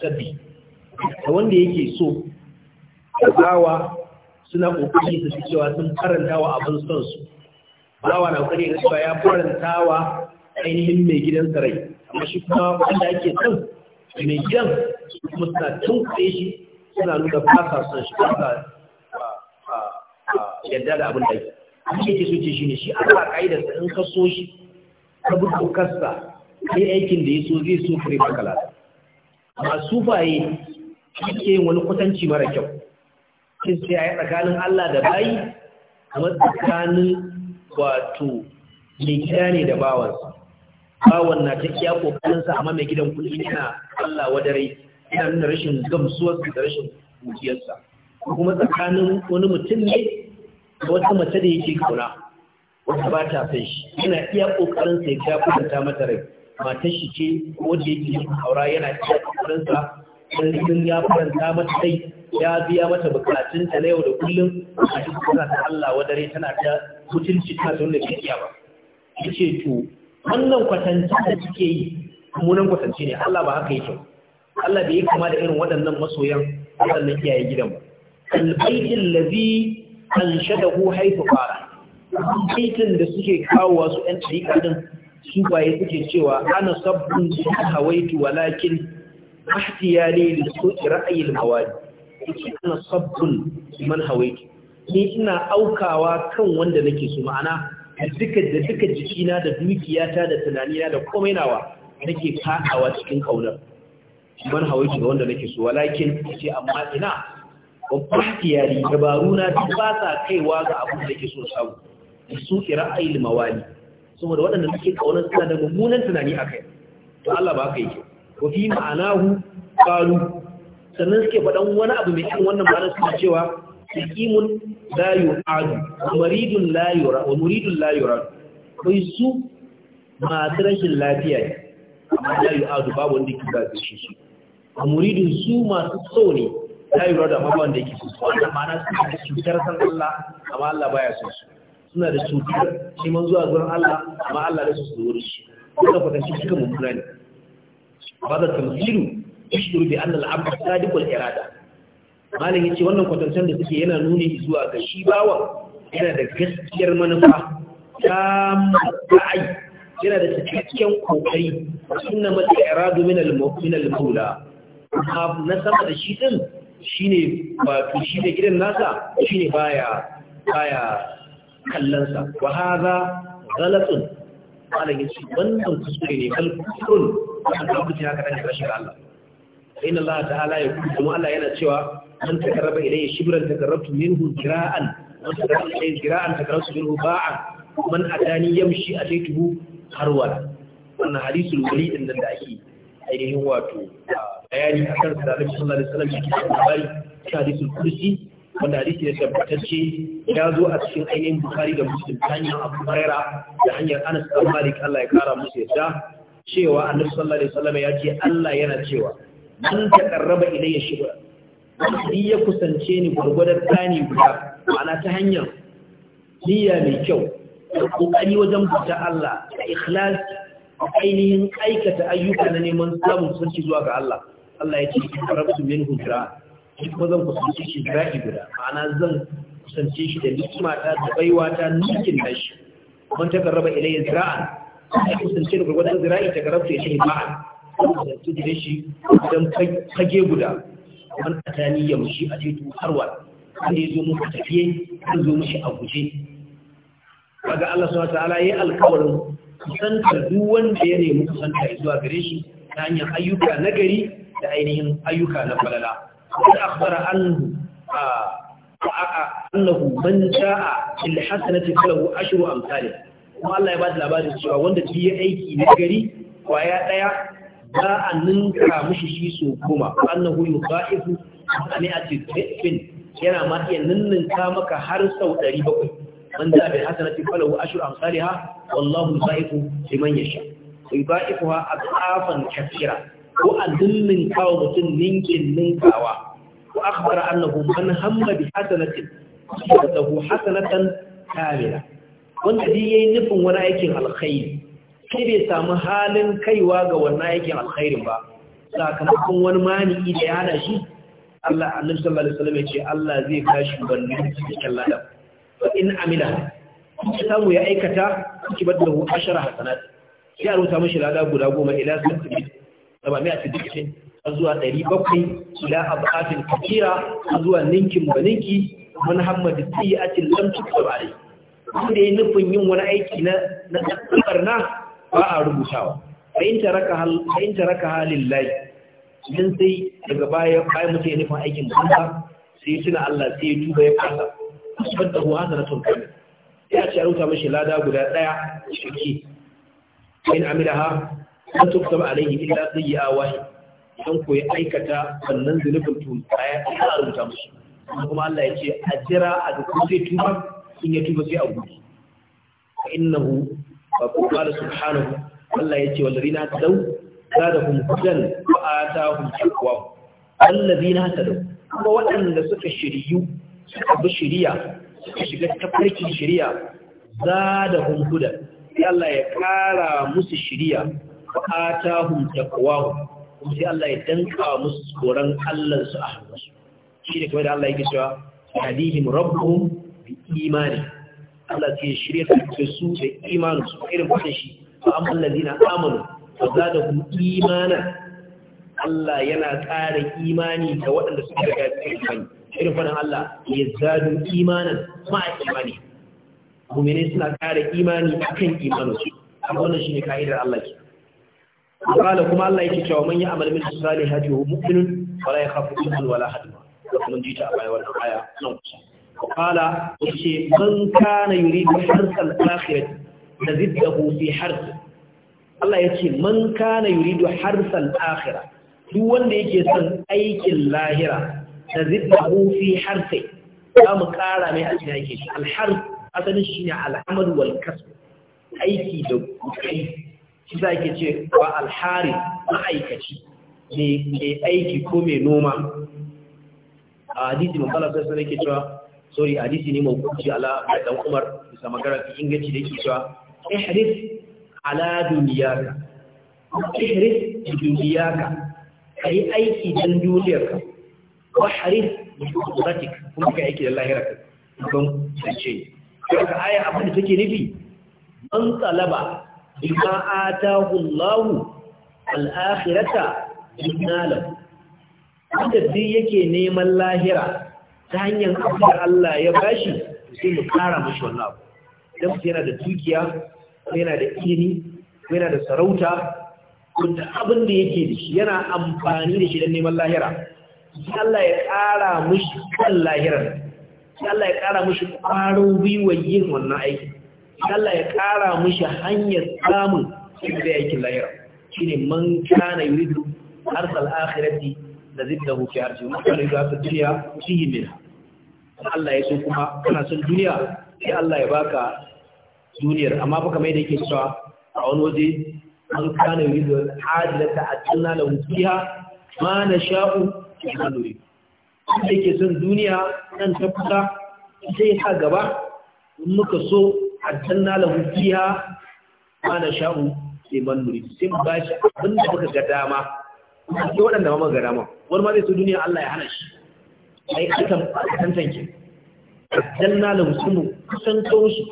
A: sabbi da wanda yake so da bawa suna ƙoƙari su cewa sun karanta wa abin son su bawa na ƙoƙari da cewa ya faranta wa ainihin mai gidan sarai amma shi kuma wanda ake son mai gidan su kuma suna tunkaye shi suna nuna fasa son shi fasa sa yadda da abin da yake abin yake so ce shi ne shi ana sa in ka so shi ka bi dokarsa kai aikin da ya so zai so kare maka amma sufaye ake yin wani kusanci mara kyau sai sai a yi tsakanin Allah da bayi a tsakanin wato mai gida ne da bawansa bawan na ta kokarin sa amma mai gidan kuɗi yana Allah wadare yana nuna rashin gamsuwarsa da rashin gudiyarsa kuma tsakanin wani mutum ne da wata mace da yake kauna wata ba ta san shi yana iya kokarinsa ya ga kudanta mata rai matar shi ce wanda yake aura yana iya sa kullum ya faranta mata kai ya biya mata bukatunta na yau da kullum a cikin ta Allah dare, tana ta mutunci ta zo da kiyaye ba yace to wannan kwatance da kike yi munan kwatanci ne Allah ba haka yake Allah bai kama da irin waɗannan masoyan waɗannan iyaye gidan ba albaitin ladhi anshadahu haythu qara baitin da suke kawo wasu yan tsika din su baye suke cewa ana sabbin su hawaitu walakin ahtiyali da su ra'ayin hawali yake ana sabbin man hawaiki ni ina aukawa kan wanda nake so ma'ana duka da duka jikina da dukiyata da tunanina da komai nawa nake fadawa cikin kaunar man hawaiki ga wanda nake so walakin ce amma ina babbar ahtiyali dabaru na ba sa kaiwa ga abin da nake so samu su ra'ayin mawali saboda waɗanda suke kaunar suna da mummunan tunani akai to Allah ba ka yi wafi ma'anahu qalu sannan suke faɗan wani abu mai irin wannan ma'anar suna cewa sikimun layu yu'adu wa maridun muridun la yura kai su masu rashin lafiya ne amma layu yu'adu babu wanda ke ba shi su a muridun su masu so ne layu yura da amma wanda su su wannan ma'ana suna da cutar san Allah amma Allah baya son su suna da cutar shi man zuwa zuwan Allah amma Allah da su su wurin shi fatan shi suka mummuna ne هذا تمثيل يشعر بأن العبد صادق الإرادة malam yace wannan kwatancen da suke yana nuni zuwa ga shi bawa yana da gaskiyar manufa ta mutsayi yana da cikakken kokari sunna mata iradu min al-mu'min al-maula na sama da shi din shine wato shi ne gidan nasa shine baya baya kallon sa wa hadha ghalatun malam yace wannan kuskure ne kalkun wannan lokaci haka dan ka shiga Allah in Allah ta'ala ya kuma kuma Allah yana cewa man takarraba ilayya shibran takarrabtu minhu jira'an man takarraba ilayya jira'an takarrabtu minhu ba'an man atani yamshi ataytuhu harwala wannan hadisul wali din da ake ainihin wato bayani akan sallallahu alaihi wasallam yake da labari ta hadisul kursi wanda hadisi ya tabbatacce ya zo a cikin ainihin bukari da muslim ta hanyar abu huraira da hanyar anas dan malik Allah ya kara musu yadda cewa annabi sallallahu alaihi wasallam ya ce Allah yana cewa man taqarraba ilayya shibra wani ya kusance ni gurgurdan tsani guda ma'ana ta hanyar niyya mai kyau da kokari wajen bauta Allah da ikhlas ainihin aikata ayyuka na neman samun sunci zuwa ga Allah Allah ya ce taqarrabtu minhu jira kuma zan kusance shi jira'i guda ma'ana zan kusance shi da nikima da baiwa ta nikin da shi man taqarraba ilayya zira'an a kusance da gwargwadon zira'i ta garabta ya shi ma'a da su gire shi don fage guda wani tsakani ya mushi a ceto harwa wanda ya zo muka tafiye ya zo mushi a guje kaga Allah subhanahu wataala yi alƙawarin kusantar duk wanda ya nemi kusanta zuwa gare shi ta hanyar ayyuka na gari da ainihin ayyuka na falala da akhbara anhu annahu man sha'a bil hasanati falahu ashru amsalih kuma Allah ya ba da labarin cewa wanda duk ya aiki na gari kwaya ɗaya, za a ninka mushi shi so kuma annahu yusaifu ani ati tin yana ma iya ninninka maka har sau ɗari bakwai. man da bi hasanati falahu ashru amsalha wallahu yusaifu liman yasha yusaifuha aqafan kathira ko a ninninka wa mutum ninkin ninkawa wa akhbara annahu man hamma bi hasanatin fa lahu hasanatan kamila wanda duk yi nufin wani aikin alkhairi sai bai samu halin kaiwa ga wannan aikin alkhairin ba sakamakon wani mani'i da ya hada shi Allah annabi sallallahu alaihi wasallam ya ce Allah zai kashi wannan cikin ladan fa in amila ki samu ya aikata ki badalahu ashara hasanat ya rubuta mishi lada guda goma ila sabbi saba mai asibitin zuwa 700 ila abatin kira zuwa ninkin baninki man hammadu sayyatin lam tuktab alayhi wanda ya nufin yin wani aiki na na ba a rubutawa fa'in taraka halin lai idan sai daga baya bayan mutum ya nufin aikin banza sai suna Allah sai ya tuba ya fasa kusurban da huwa na tun kame ya ce a rubuta mashi lada guda ɗaya shirki fa'in amina ha na tukta ba a laihi illa zai yi awahi don ko ya aikata wannan zunubin tun ɗaya ya rubuta mashi kuma Allah ya ce a jira a duk sai tuba in ya tuba sai a gudu fa innahu fa qala subhanahu Allah yace wallazina tadaw zadahum hudan wa atahum taqwa allazina tadaw kuma waɗanda suka shiriyu suka bi shiriya suka shiga tafarkin shiriya zadahum hudan sai Allah ya kara musu shiriya wa atahum taqwa kuma sai Allah ya danka musu tsoron Allah su a hannunsu shi ne kuma da Allah yake cewa hadihim rabbuhum imani Allah ce shirya ta da su da imanu su irin fadin shi fa amma allazina amanu fa zadahum imana Allah yana ƙara imani ga waɗanda suka riga suka imani irin Allah ya zadu imanan ma imani mu'mini suna ƙara imani akan imanin su wannan shine kaidar Allah ke qala kuma Allah yake cewa man ya'mal min salihati wa mu'minun wala yakhafu illa wala hadma kuma jita a bayan wannan aya nan kusa kala yace man kana yuridu harsal akhirati zidda hufi harsi Allah ya ce man kana yuridu harsal akhirah duk wanda yake son aikin lahira zidda hufi harsi za mu kara mai a cikin aikin shi alhar asalin shine al'amal wal kasb aiki da kai shi za ke ce ba alhari ma'aikaci mai aiki ko mai noma a hadisi mun sai sai ke cewa sorry hadisi ne mawkuci ala dan Umar bisa magana cikin gaci da yake cewa ihris ala duniyaka ihris duniyaka kai aiki dan duniyarka wa haris bi qudratik kuma kai aiki da lahira ka don sace kaga aya abin da take nufi man talaba bima atahu Allah al-akhirata inna lahu wanda duk yake neman lahira ta hanyar abin da Allah ya bashi sai mu kara mashi wannan abu idan yana da dukiya ko yana da ilimi ko yana da sarauta wanda abin da yake da shi yana amfani da shi don neman lahira sai Allah ya kara mashi kan lahirar sai Allah ya kara mashi ƙwarin gwiwar yin wannan aiki sai Allah ya kara mashi hanyar samun shi da aikin lahira shine man kana yuridu har akhirati لذبله في عرشه وما كان يدعى في الدنيا فيه منها Allah ya so kuma kana son duniya sai Allah ya baka duniyar amma baka mai da yake cewa a wani waje an kana yi da hajjata a cinna da wuciya ma na sha'u da maluri da yake son duniya nan ta kusa sai ya sa gaba in muka so a cinna da wuciya ma na sha'u da nuri. sai mu ba shi abin da muka ga dama sai waɗanda ma ga dama wani ma zai so duniya Allah ya hana shi ai akan tantance danna la muslimu kusan kawo shi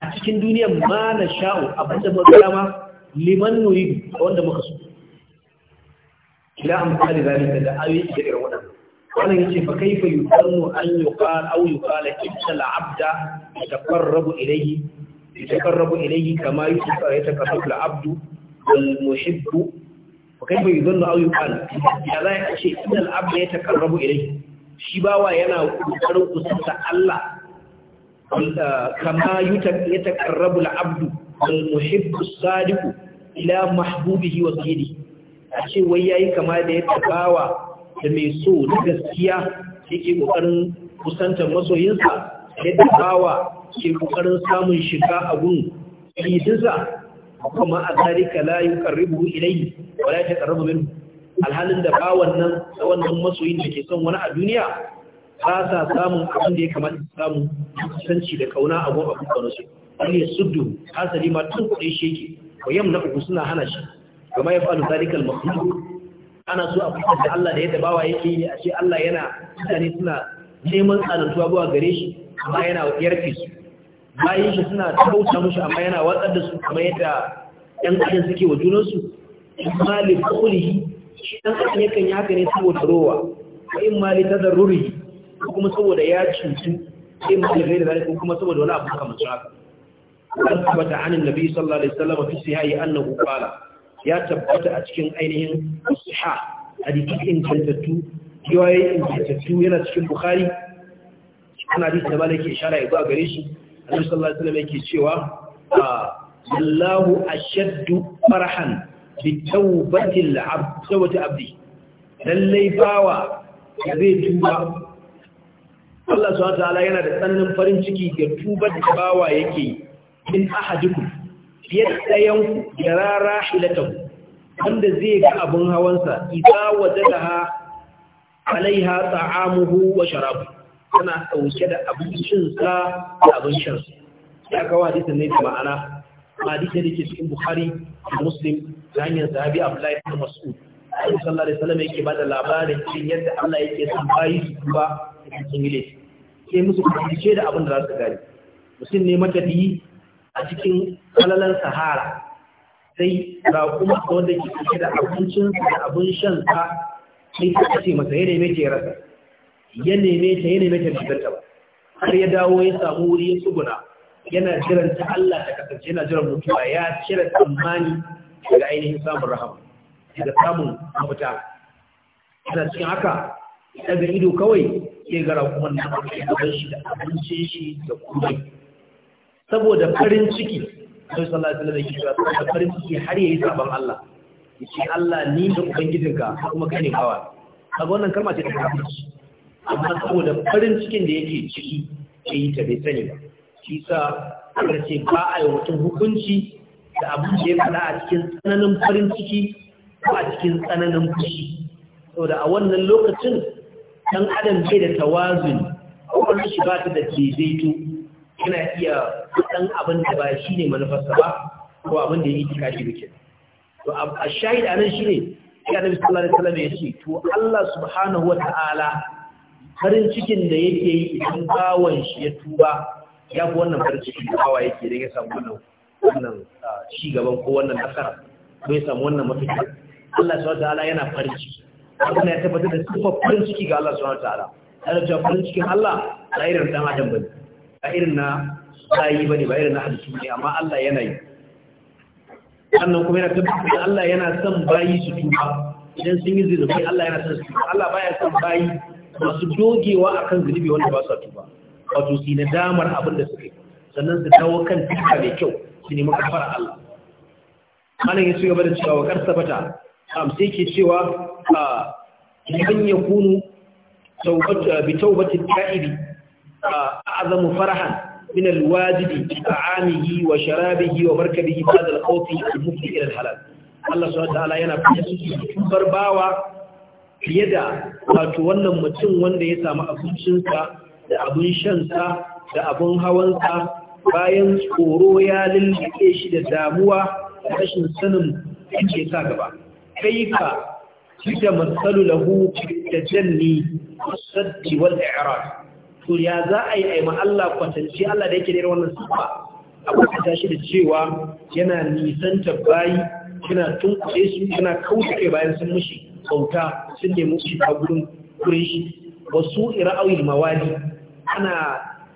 A: a cikin duniya ma na sha'u abinda ba dama liman nuri wanda muka so ila amsali zalika da ayoyi da irin wadannan wannan yace fa kaifa yuqannu an yuqal aw yuqala inna al-abda yataqarrabu ilayhi yataqarrabu ilayhi kama yusarru yataqarrabu al-abdu wal muhibbu fa bai zanna au yuqal ya za a ce idan abda ya takarrabu ilai shi bawa yana kokarin kusanta Allah uh, kama ya takarrabu al-abdu al muhibbu as-sadiqu ila mahbubihi wa sayyidi a ce wai yayi kama da ya tabawa da mai so na gaskiya yake kokarin kusantar masoyinsa yadda bawa ke kokarin samun shiga a gun idinsa kuma a zalika la yuqarribu ilayhi wa la yataqarrabu minhu alhalin da ba wannan wannan masoyin da ke son wani a duniya ba sa samun abin da ya kamata samun samu kusanci da kauna a gon abu su wani ya suddu hasali ma tun kuɗin sheke wa na uku suna hana shi kama ya fa'alu zalika al ana so a fitar da Allah da yadda bawa yake yi a ce Allah yana mutane suna neman tsanantuwa zuwa gare shi amma yana yarfe su bayan shi suna kauta mushi amma yana watsar da su kamar yadda ɗan adam suke wa junansu amma li qawlihi shi ɗan adam yakan yi haka ne saboda rowa Wai in ma zarruri, Ko kuma saboda ya cutu sai ma da ghairi Ko kuma saboda wani abu kamar haka an tabbata an Nabi sallallahu alaihi wasallam fi sihai annahu qala ya tabbata a cikin ainihin sahih hadisi ingantattu riwayoyi ingantattu yana cikin bukhari ana hadisi da yake ishara ya zuwa gare shi Nabi sallallahu alaihi wasallam yake cewa ah, Allahu ashaddu farhan bi tawbatil abd tawbati abdi lallai bawa zai tuba Allah subhanahu wataala yana da tsananin farin ciki ga tubar da bawa yake in ahadukum fiye ɗayan yarara hilatahu wanda zai ga abin hawansa idza wajadaha alaiha ta'amuhu wa sharabuhu tana ɗauke da abincinsa da abin shan ya kawo hadisin ne da ma'ana hadisin da ke cikin bukhari da muslim ta hanyar sahabi abdullahi ibn mas'ud Allah sallallahu alaihi wasallam yake bada labarin cikin yadda Allah yake son bayi su ba cikin gile sai musu kwancice da abin da za su gani mutum ne matafiyi a cikin kalalan sahara sai ga kuma wanda ke cike da abincinsa da abin shansa sai ka ce masa yadda mai ke rasa ya neme ta ya neme ta shigar ta har ya dawo ya samu wuri ya tsuguna yana jiran ta Allah ta kasance yana jiran mutuwa ya cire tsammani daga ainihin samun rahama daga samun mafita yana cikin haka daga ido kawai ke gara kuma na gaban shi da abincin shi da komai saboda farin ciki sai sallallahu alaihi wasallam ya kira farin ciki har yayi sabon Allah yace Allah ni da ubangijinka kuma kai ne kawai kaga wannan kalma ce ta kafirci amma saboda farin cikin da yake ciki ya yi ta bai sani ba shi sa aka ce ba a yi mutum hukunci da abin da ya faɗa a cikin tsananin farin ciki ko a cikin tsananin fushi saboda a wannan lokacin ɗan adam bai da tawazun wani shi ba ta da daidaito yana iya ɗan abin da ba shi ne manufarsa ba ko abin da ya yi kika shi bikin to a shahid a nan shi ne ya nabi sallallahu alaihi wasallam ya ce to Allah subhanahu wa ta'ala farin cikin da yake yi idan bawon shi ya tuba ya fi wannan farin cikin da bawa yake da ya samu wannan wannan gaban ko wannan nasara ko ya samu wannan mafita Allah subhanahu ta'ala yana farin ciki Wannan ya tabbatar da sifar farin ciki ga Allah subhanahu ta'ala ana cewa farin cikin Allah ba irin dan adam bane ba irin na ba bane ba irin na halittu ne amma Allah yana yi sannan kuma yana tabbatar da Allah yana son bayi su tuba idan sun yi zunubi Allah yana son su tuba Allah baya son bayi masu dogewa akan zunubi wanda ba sa tuba wato su na damar abin da suke sannan su dawo kan tuka mai kyau su nemi kafara Allah malam ya gaba da cewa wa karsa bata am sai ke cewa a man yakunu tawbatu bi tawbati ta'ibi a'zamu farahan من الواجب طعامه وشرابه ومركبه بعد الخوف المفضي الى الحلال الله سبحانه وتعالى yana fitar bawa. fiye da wato wannan mutum wanda ya samu abincinsa da abin shansa da abin hawansa bayan tsoro ya lullube shi da damuwa da rashin sanin yake sa gaba kai ka ci da matsalu lahu da janni saddi wal i'rad to ya za a yi aima Allah kwatanci Allah da yake da wannan sifa a kwatanta shi da cewa yana nisan bayi yana tunkuɗe su yana kauce bayan sun mushi bauta sun nemi shi a gurin kureshi wasu ira'awil mawali ana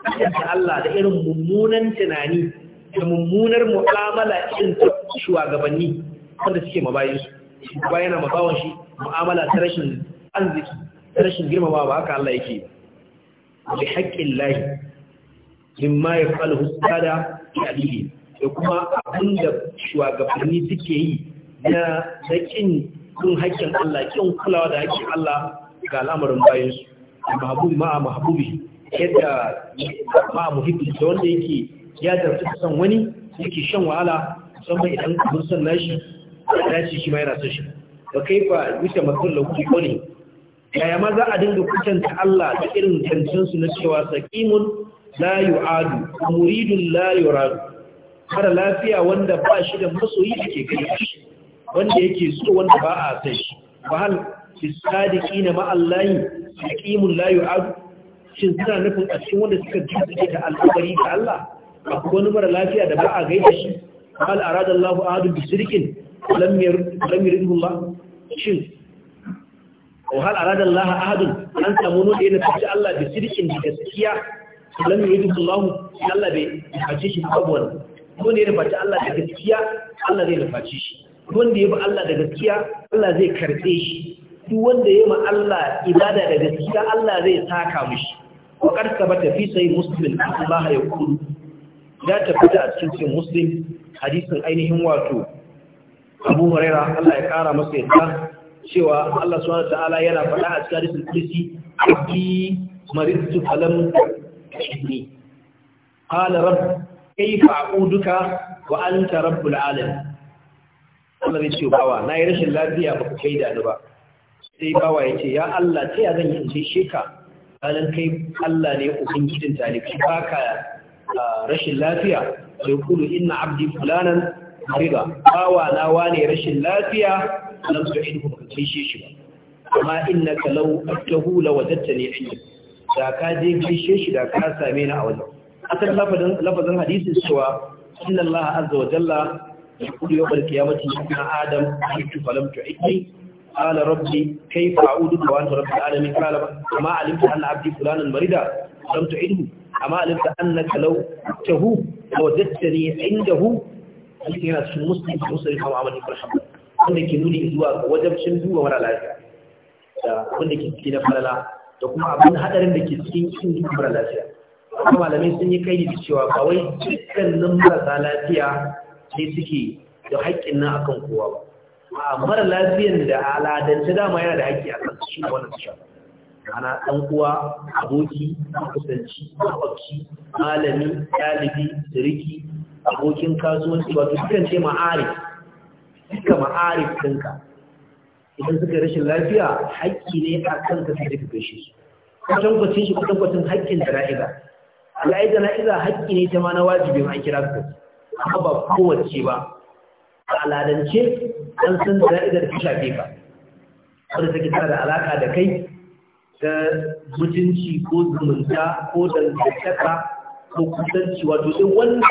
A: kasance Allah da irin mummunan tunani da mummunar mu'amala irin ta shugabanni wanda suke mabayin su shugaba yana mabawan shi mu'amala ta rashin arziki ta rashin girma ba haka Allah yake bi haƙƙin lahi mimma ya falu husada ya da kuma abin da shugabanni suke yi na zaƙin kun haƙƙin Allah kin kulawa da haƙƙin Allah ga al'amarin bayin su mahabubi ma mahabubi yadda ma muhibbi da wanda yake ya zarta san wani yake shan wahala musamman idan kun san nashi ya dace shi ma yana shi ba kai ba wuce mutum lauki ne yaya ma za a dinga kutanta Allah da irin tantan su na cewa saqimun la yu'adu muridun la yuradu mara lafiya wanda ba shi da masoyi da ke gani wanda yake so wanda ba a san shi ba hal bisadiki na ma'allahi yaqimun la yu'ad shin suna nufin a cikin wanda suka jiki da al'amari ga Allah akwai wani mara lafiya da ba a gaida shi hal arada Allahu ahadun bisirkin lam yar lam yuridullah shin wa hal arada Allah ahadun an samu nodi na tafi Allah bisirkin da gaskiya lam yuridullah Allah bai faci shi babu wani ko ne da faci Allah da gaskiya Allah zai faci shi wanda ya bi Allah da gaskiya Allah zai karɓe shi duk wanda ya ma Allah ibada da gaskiya Allah zai saka mishi ko karka ba tafi sai muslim Allah ya da ya fita a cikin muslim hadisin ainihin wato Abu Huraira Allah ya kara masa yadda cewa Allah subhanahu ta'ala yana faɗa a cikin hadisin Qudsi abdi maritu falam tashni qala rabb kayfa a'uduka wa anta rabbul alamin Allah zai ce bawa na yi rashin lafiya ba ku kai da ni ba sai bawa ya ce ya Allah ta ya zan yi in ce sheka ranar kai Allah ne ubangijin talibai ba ka rashin lafiya sai kulu inna abdi fulanan riga bawa na wane rashin lafiya lam tu'inhu ba kai shi shi ba amma innaka law atahu ne inda da ka je gaishe shi da ka same ni a wajen asalin lafazin hadisin cewa inna Allah azza wa jalla يقول يوم القيامة يا آدم عدت فلم تعدني قال ربي كيف أعودك وأنت رب العالمين قال ما علمت أن عبدي فلانا مريضا لم تعده أما علمت أنك لو ته وجدتني عنده yake yana cikin musulun da musulun kama amalin farhan wanda ke nuni zuwa ga wajabcin duba mara lafiya da wanda ke cikin falala da kuma abin hadarin da ke cikin cikin duba mara lafiya kuma malamai sun yi kai da cewa ba dukkanin marasa lafiya sai suke da haƙƙin nan akan kowa ba a mara lafiyan da aladance dama yana da haƙƙi a kan shi wannan su ana ɗan uwa aboki kusanci makwabci malami ɗalibi siriki abokin kasuwanci wato kan ce ma'arif suka ma'arif ɗinka idan suka rashin lafiya haƙƙi ne a kanka sai duka gaishe su kwatankwacin shi kwatankwacin haƙƙin jana'iza al'ai jana'iza haƙƙi ne ta ma na wajibin an kira su amma ba kowace ba a aladance an san da'idar ta shafe ka wadda take tana da alaka da kai ta mutunci ko zumunta ko dangantaka ko kusanci wato sai wanda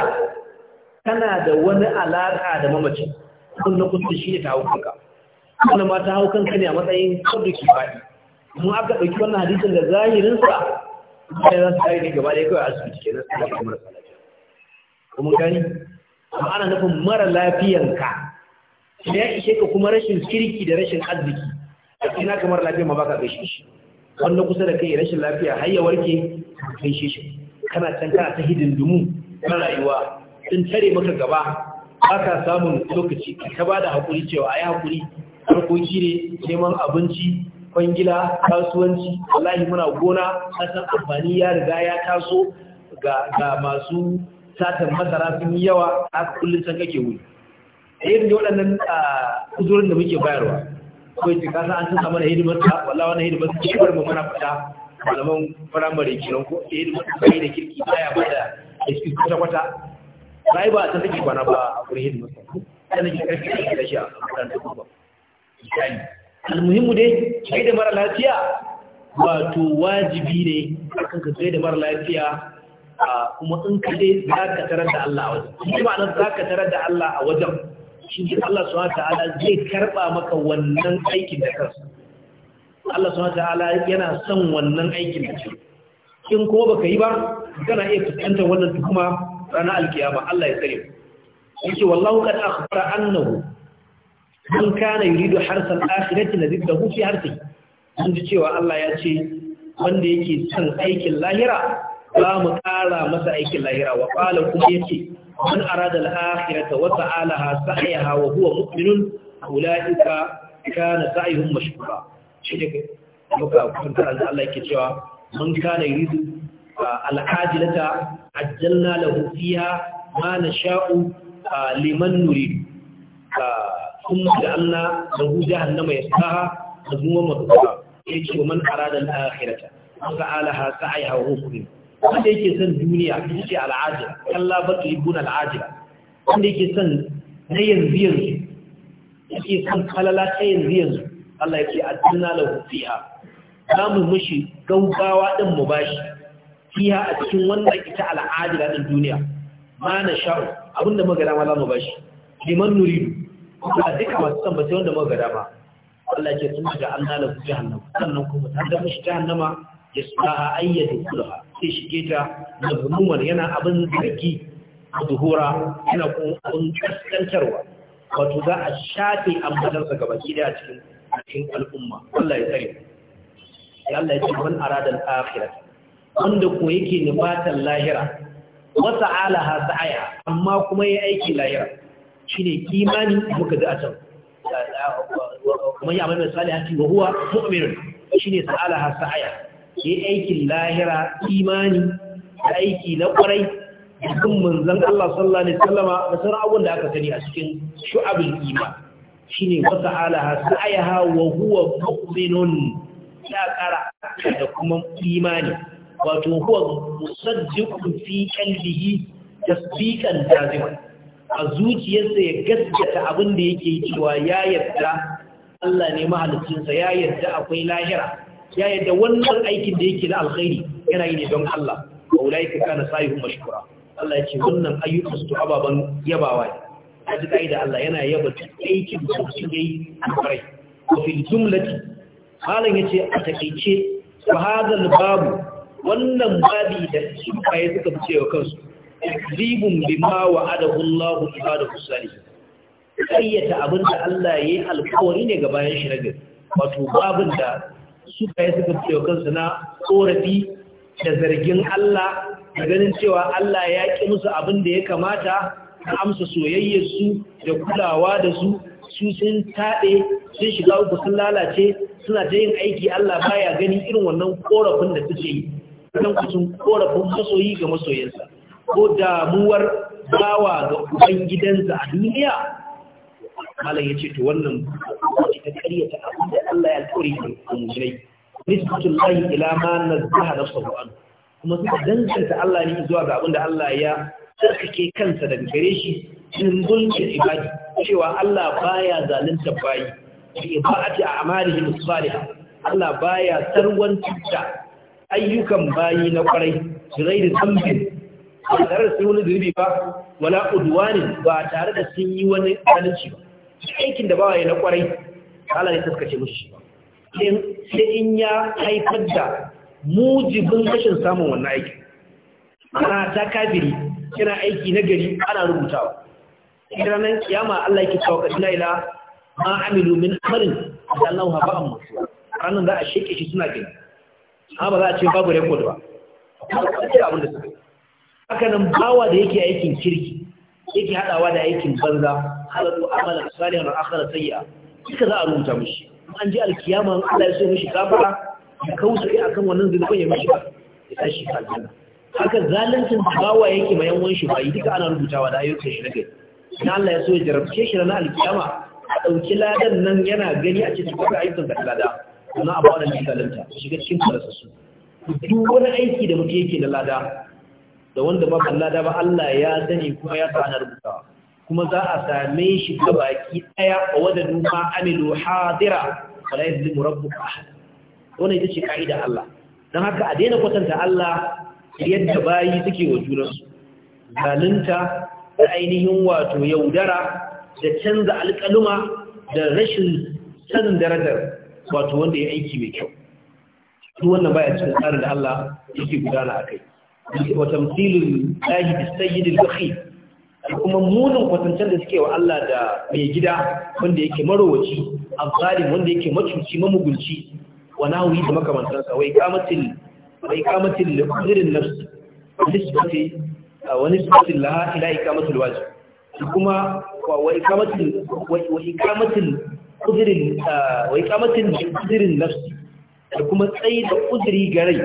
A: kana da wani alaka da mamaci sun na kusa shi ne ta hau ka wannan ma ta hau kanka ne a matsayin ke faɗi. mun aka ɗauki wannan hadisin da zahirinsa sai za su tare ne gaba da ya kawai asibiti kenan sai da kuma rasa lafiya kuma gani amma ana nufin mara lafiyanka da ya ishe ka kuma rashin kirki da rashin arziki a cikin mara lafiya ma baka gaishe shi wanda kusa da kai rashin lafiya har ya warke ka gaishe shi kana can kana ta hidindimu na rayuwa sun tare maka gaba ba ka samun lokaci ka ba da haƙuri cewa a yi haƙuri harkoki ne neman abinci kwangila kasuwanci wallahi muna gona kasan amfani ya riga ya taso ga masu satan masara sun yi yawa a kullum san kake wuri A irin da waɗannan kuzurin ah, da muke bayarwa kawai ce kasa an sassa mana hidimar ta walla wani hidimar ta kibar mu mana fita malaman firamare kiran ko da eh, hidimar ta kai da kirki baya ba da excuse kwata-kwata ba ba ta take kwana ba a wurin hidimar ta ta nake karfi da ke tashi a makarantar ba misali almuhimmu dai kai da mara lafiya wato wajibi ne akan ka kai da mara lafiya kuma in ka za ka tarar da Allah a wajen shi ma'anar za ka tarar da Allah a wajen shi Allah subhanahu ta'ala zai karɓa maka wannan aikin da kansa Allah subhanahu ta'ala yana son wannan aikin da ke in ba ka yi ba kana iya fuskantar wannan tuhuma ranar alkiyama Allah ya tsare yake wallahu qad akhbara annahu man kana yuridu harsal akhirati nazidahu fi harsi an ji cewa Allah ya ce wanda yake son aikin lahira za mu ƙara masa aikin lahira wa kuma ya ce man a al-akhirata wa ta'alaha sa'yaha wa huwa mu'minun ulaika kana sa'yuhum mashkura shi ne muka kuntar da Allah ke cewa man kana yuridu al-ajilata ajjalna lahu fiha ma nasha'u liman nurid ثم جعلنا له جهنم يصلاها مذموما مدحورا يجي ومن اراد الاخره وسعى لها سعيها وهو مؤمن wanda yake son duniya ita ce al'ajira kalla ba ta libun al'ajira wanda yake son na yanzu yanzu yake son kalala ta yanzu yanzu Allah ya ce addina lahu fiha za mu mishi gaugawa din mu bashi fiha a cikin wannan ita al'ajira din duniya ma na sha'u abinda muka ma za mu bashi liman nuridu ba duka masu son ba sai wanda muka dama Allah ya ce sun ga Allah lahu jahannam sannan kuma ta ga mishi jahannama yasbaha ayyadu kulha sai shige ta mazmuman yana abin zargi zuhura yana kuma abin kaskantarwa wato za a shafe ambatarsa gaba ki da cikin cikin al'umma Allah ya tsare ya Allah ya ce man arada al wanda ko yake nufatan lahira wa sa'alaha sa'aya amma kuma yayi aiki lahira shine kimani muka ji a can kuma ya amma misali hati wa huwa mu'minun shine sa'alaha sa'aya yi aikin lahira imani da aiki na kwarai da kun manzan Allah sallallahu alaihi wasallama da sauran abun da aka sani a cikin shu'abul iman shine wa ta'ala sa'ayaha wa huwa mu'minun ya kara da kuma imani wato huwa musaddiqun fi qalbihi tasdiqan jaziman a zuciyarsa ya gaskata abin da yake cewa ya yarda Allah ne mahalicinsa ya yarda akwai lahira ya yadda wannan aikin da yake na alkhairi yana yi ne don Allah wa ulaika kana sa'ihum mashkura Allah ya ce wannan ayyukan su ababan yabawa ne a ji da Allah yana yaba aikin da su yayi a farai fil jumlati halan yace a takeice fa hadal babu wannan babi da su kai suka fice wa kansu zibun bima wa'adahu Allah ibadahu salihin kayyata abinda Allah yayi alƙawari ne ga bayan shi na gari wato babin da su yi suka ce kansu na korafi da zargin Allah da ganin cewa Allah ya ƙi musu abin da ya kamata na amsa soyayyarsu da kulawa da su su sun taɗe sun shiga uku sun lalace suna ta yin aiki Allah baya gani irin wannan korafin da suke yi don kusan korafin masoyi ga masoyinsa ko damuwar bawa ga ubangidansa a duniya malam ya ce to wannan ta karyata abin da Allah ya alƙawari da mu'minai nisbatullahi ila ma nazzaha nafsuhu an kuma suka danganta Allah ne zuwa ga abin da Allah ya tsarkake kansa daga gare shi cikin zulmin ibadi cewa Allah baya zalunta bayi bi a a'malihim salihah Allah baya sarwantar da ayyukan bayi na kwarai zai da zambin ba tare da sun wani zunubi ba wala udwani ba tare da sun yi wani zalunci ba aikin da bawaye na kwarai Allah ne taskace mushi sai in ya haifar da mujibin rashin samun wannan aiki ana ta kafiri kina aiki na gari ana rubutawa idan nan kiyama Allah yake cewa ka ila ma amilu min amarin da Allah ha ba'an musu ranan za a sheke shi suna gani amma ba za a ce babu record ba akwai da suka haka nan bawa da yake aikin kirki yake hadawa da aikin banza halatu amalan salihan akhara sayyi'a duka za a rubuta mishi an ji alkiyama an Allah ya so mishi kafara ya kausa kai akan wannan zunuban ya ba ya tashi aljanna haka zaluncin bawa yake mai yanwan shi yi duka ana rubutawa da ayyukan shi na gari Allah ya so ya jarabce shi na alkiyama a dauki ladan nan yana gani a cikin duka ayyukan da lada kuma a bawa da su shiga cikin su duk wani aiki da mutum yake na lada da wanda ba lada ba Allah ya sani kuma ya sa ana rubutawa kuma za a same shi ga baki daya a wadadu ma amilu hadira wala yazlimu rabbuka ahad wannan ita ce kaida Allah dan haka a daina kwatanta Allah yadda bayi suke wa su. zalunta da ainihin wato yaudara da canza alƙaluma da rashin sanin darajar wato wanda ya aiki mai kyau duk wannan baya cikin tsarin da Allah yake gudana a kai wa tamthilul lahi bisayyidil bakhil da kuma munin kwatancen da suke wa Allah da mai gida wanda yake marowaci azzalim wanda yake macuci mamugunci wa nahwi da makamantansa wai kamatil wai kamatil qadrin nafs nisbati wa nisbati laha ila ikamatul wajib kuma wa ikamatil wa ikamatil qadrin ah, wa ikamatil qadrin da kuma tsayi da uzuri ga rai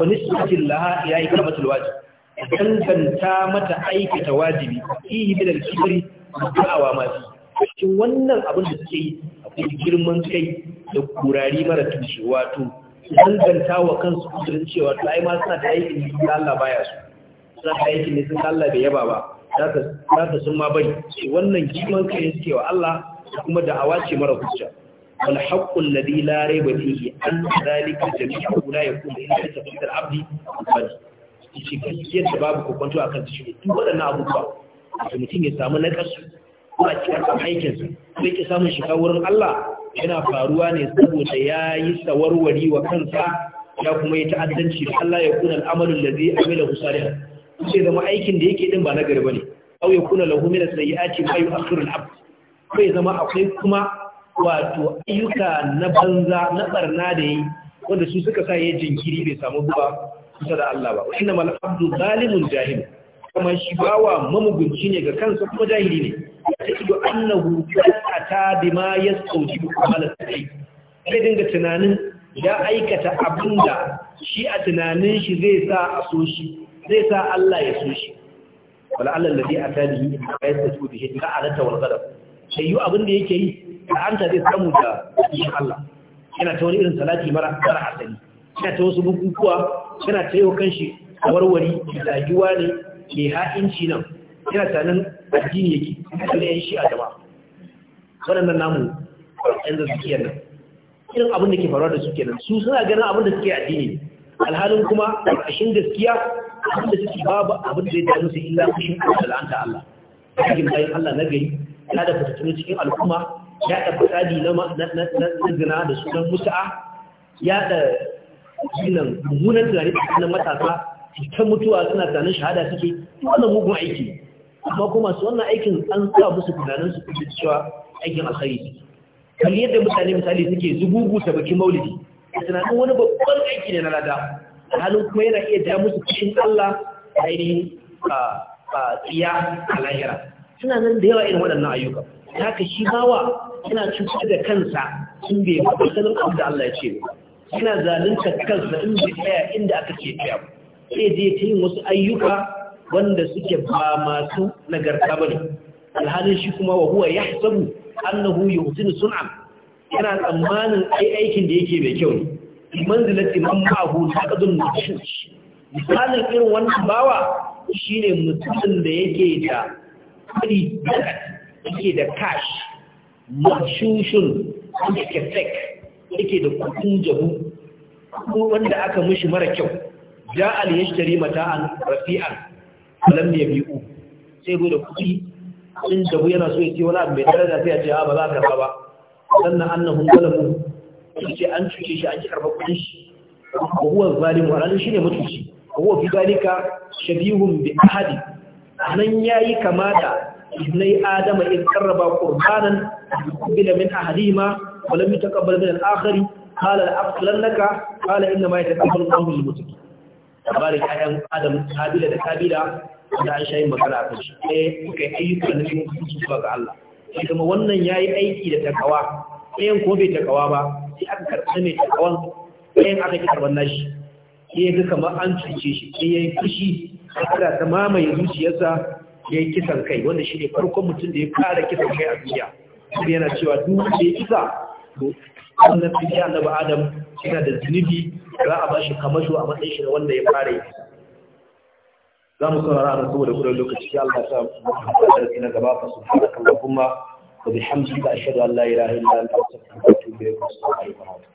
A: wa nisbatin laha ila ikamatul wajib tantanta mata aikata wajibi fihi bil kibri da'awa ma fi cikin wannan abin da suke yi akwai girman kai da kurari mara tushe wato tantanta wa kansu kusurin cewa to ai ma suna da aikin da sun Allah baya su suna da aikin ne sun Allah bai yaba ba za ka sun ma bari wannan girman kai suke wa Allah kuma awa ce mara hujja wal haqqul ladhi la rayba fihi an zalika jami'u la yakunu illa tafsir abdi ce gaskiyar da babu kwakwanto a kan shi duk waɗannan abubuwa da mutum ya samu nakasu ko a cikin aikinsa ko ke samun shiga wurin Allah yana faruwa ne saboda ya yi sawarwari wa kansa ya kuma yi ta'addanci da Allah ya kuna al'amalin da zai amila husariya sai zama aikin da yake din ba na gari bane au ya kuna lahu min sayyiati ma yu'akhiru abd sai zama akwai kuma wato ayyuka na banza na ɓarna da yi wanda su suka sa ya jinkiri bai samu ba kusa da Allah ba inna mal abdu zalimun jahil kuma shi bawa mamugunci ne ga kansa kuma jahili ne ta ido annahu qata bima yastawjibu sai dinga tunanin ya aikata abinda shi a tunanin shi zai sa a zai sa Allah ya so shi wala Allah ladhi sai abinda yake yi da anta zai samu da Allah yana ta wani irin salati mara mara asali yana ta wasu bukukuwa yana ta yau kanshi a warware zagiwa ne ke ha'inci nan yana tanin addini yake kuma yan shi a jama waɗannan namu yan da suke nan irin abin da ke faruwa da suke nan su suna ganin abin da suke addini alhalin kuma ƙarshen gaskiya abin da suke babu abin da ya dami su illa kushin al'anta Allah cikin bayan Allah na gari ya da fitattunu cikin al'umma ya da fasadi na zina da sunan musa'a ya da wannan mummunan tunani kanan matasa ta mutuwa suna tunanin shahada suke wannan mugun aiki amma kuma su wannan aikin an sa musu tunanin su kuma cewa aikin alkhairi suke yadda mutane misali suke zugugu ta bakin maulidi da tunanin wani babban aiki ne na lada halin kuma yana iya ja musu cikin allah ainihin tsiya a lahira suna nan da yawa irin waɗannan ayyuka ka shi bawa yana cutar da kansa sun bai sanin abu da allah ya ce ba yana zalunta kansa in tsaya inda aka ce tsaya sai je ta yin wasu ayyuka wanda suke ba masu nagarta bane ne alhalin shi kuma wa huwa ya sabu annahu yuhsinu sun'a yana tsammanin ai aikin da yake mai kyau ne manzilati man ma'ahu taqadun mushrish misalin irin wannan bawa shine mutumin da yake da kudi yake da cash mashushun yake fake yake da kudin jabu ko wanda aka mishi mara kyau ja al yashtari mata'an rafi'an falam yabi'u sai go da kudi kudin jabu yana so yake wala mai daraja sai ya ce ba za ka ba sannan annahum zalamu sai an cuce shi an ki karba kudin shi ko huwa zalimu alal ne mutunci ko huwa fi zalika shabihun bi ahadi nan yayi kama da ibnai adama in karaba qurbanan bi min ahadima ولم يتقبل من الآخر قال لأقتلن لك قال إنما يتقبل الله من المتقين labarin ƴaƴan adam kabila da kabila da an shayin magana a kan shi ɗaya suka yi ayyukan da sun kusa zuwa ga Allah sai kuma wannan yayi aiki da takawa ɗayan ko bai takawa ba sai aka karɓi mai takawan ɗayan aka ki karɓar nashi sai ya ga kamar an cuce shi sai ya yi fushi aka ta mamaye zuciyarsa ya yi kisan kai wanda shi ne farkon mutum da ya fara kisan kai a duniya kuma yana cewa duk wanda ya kisa to wannan bidiya annabi adam yana da zunubi za a bashi kamasho a matsayin shi wanda ya fara za mu saurara da saboda gudun lokaci ya Allah ta da na gaba fa subhanakallahumma wa bihamdika ashhadu an la ilaha illa anta astaghfiruka wa atubu ilayk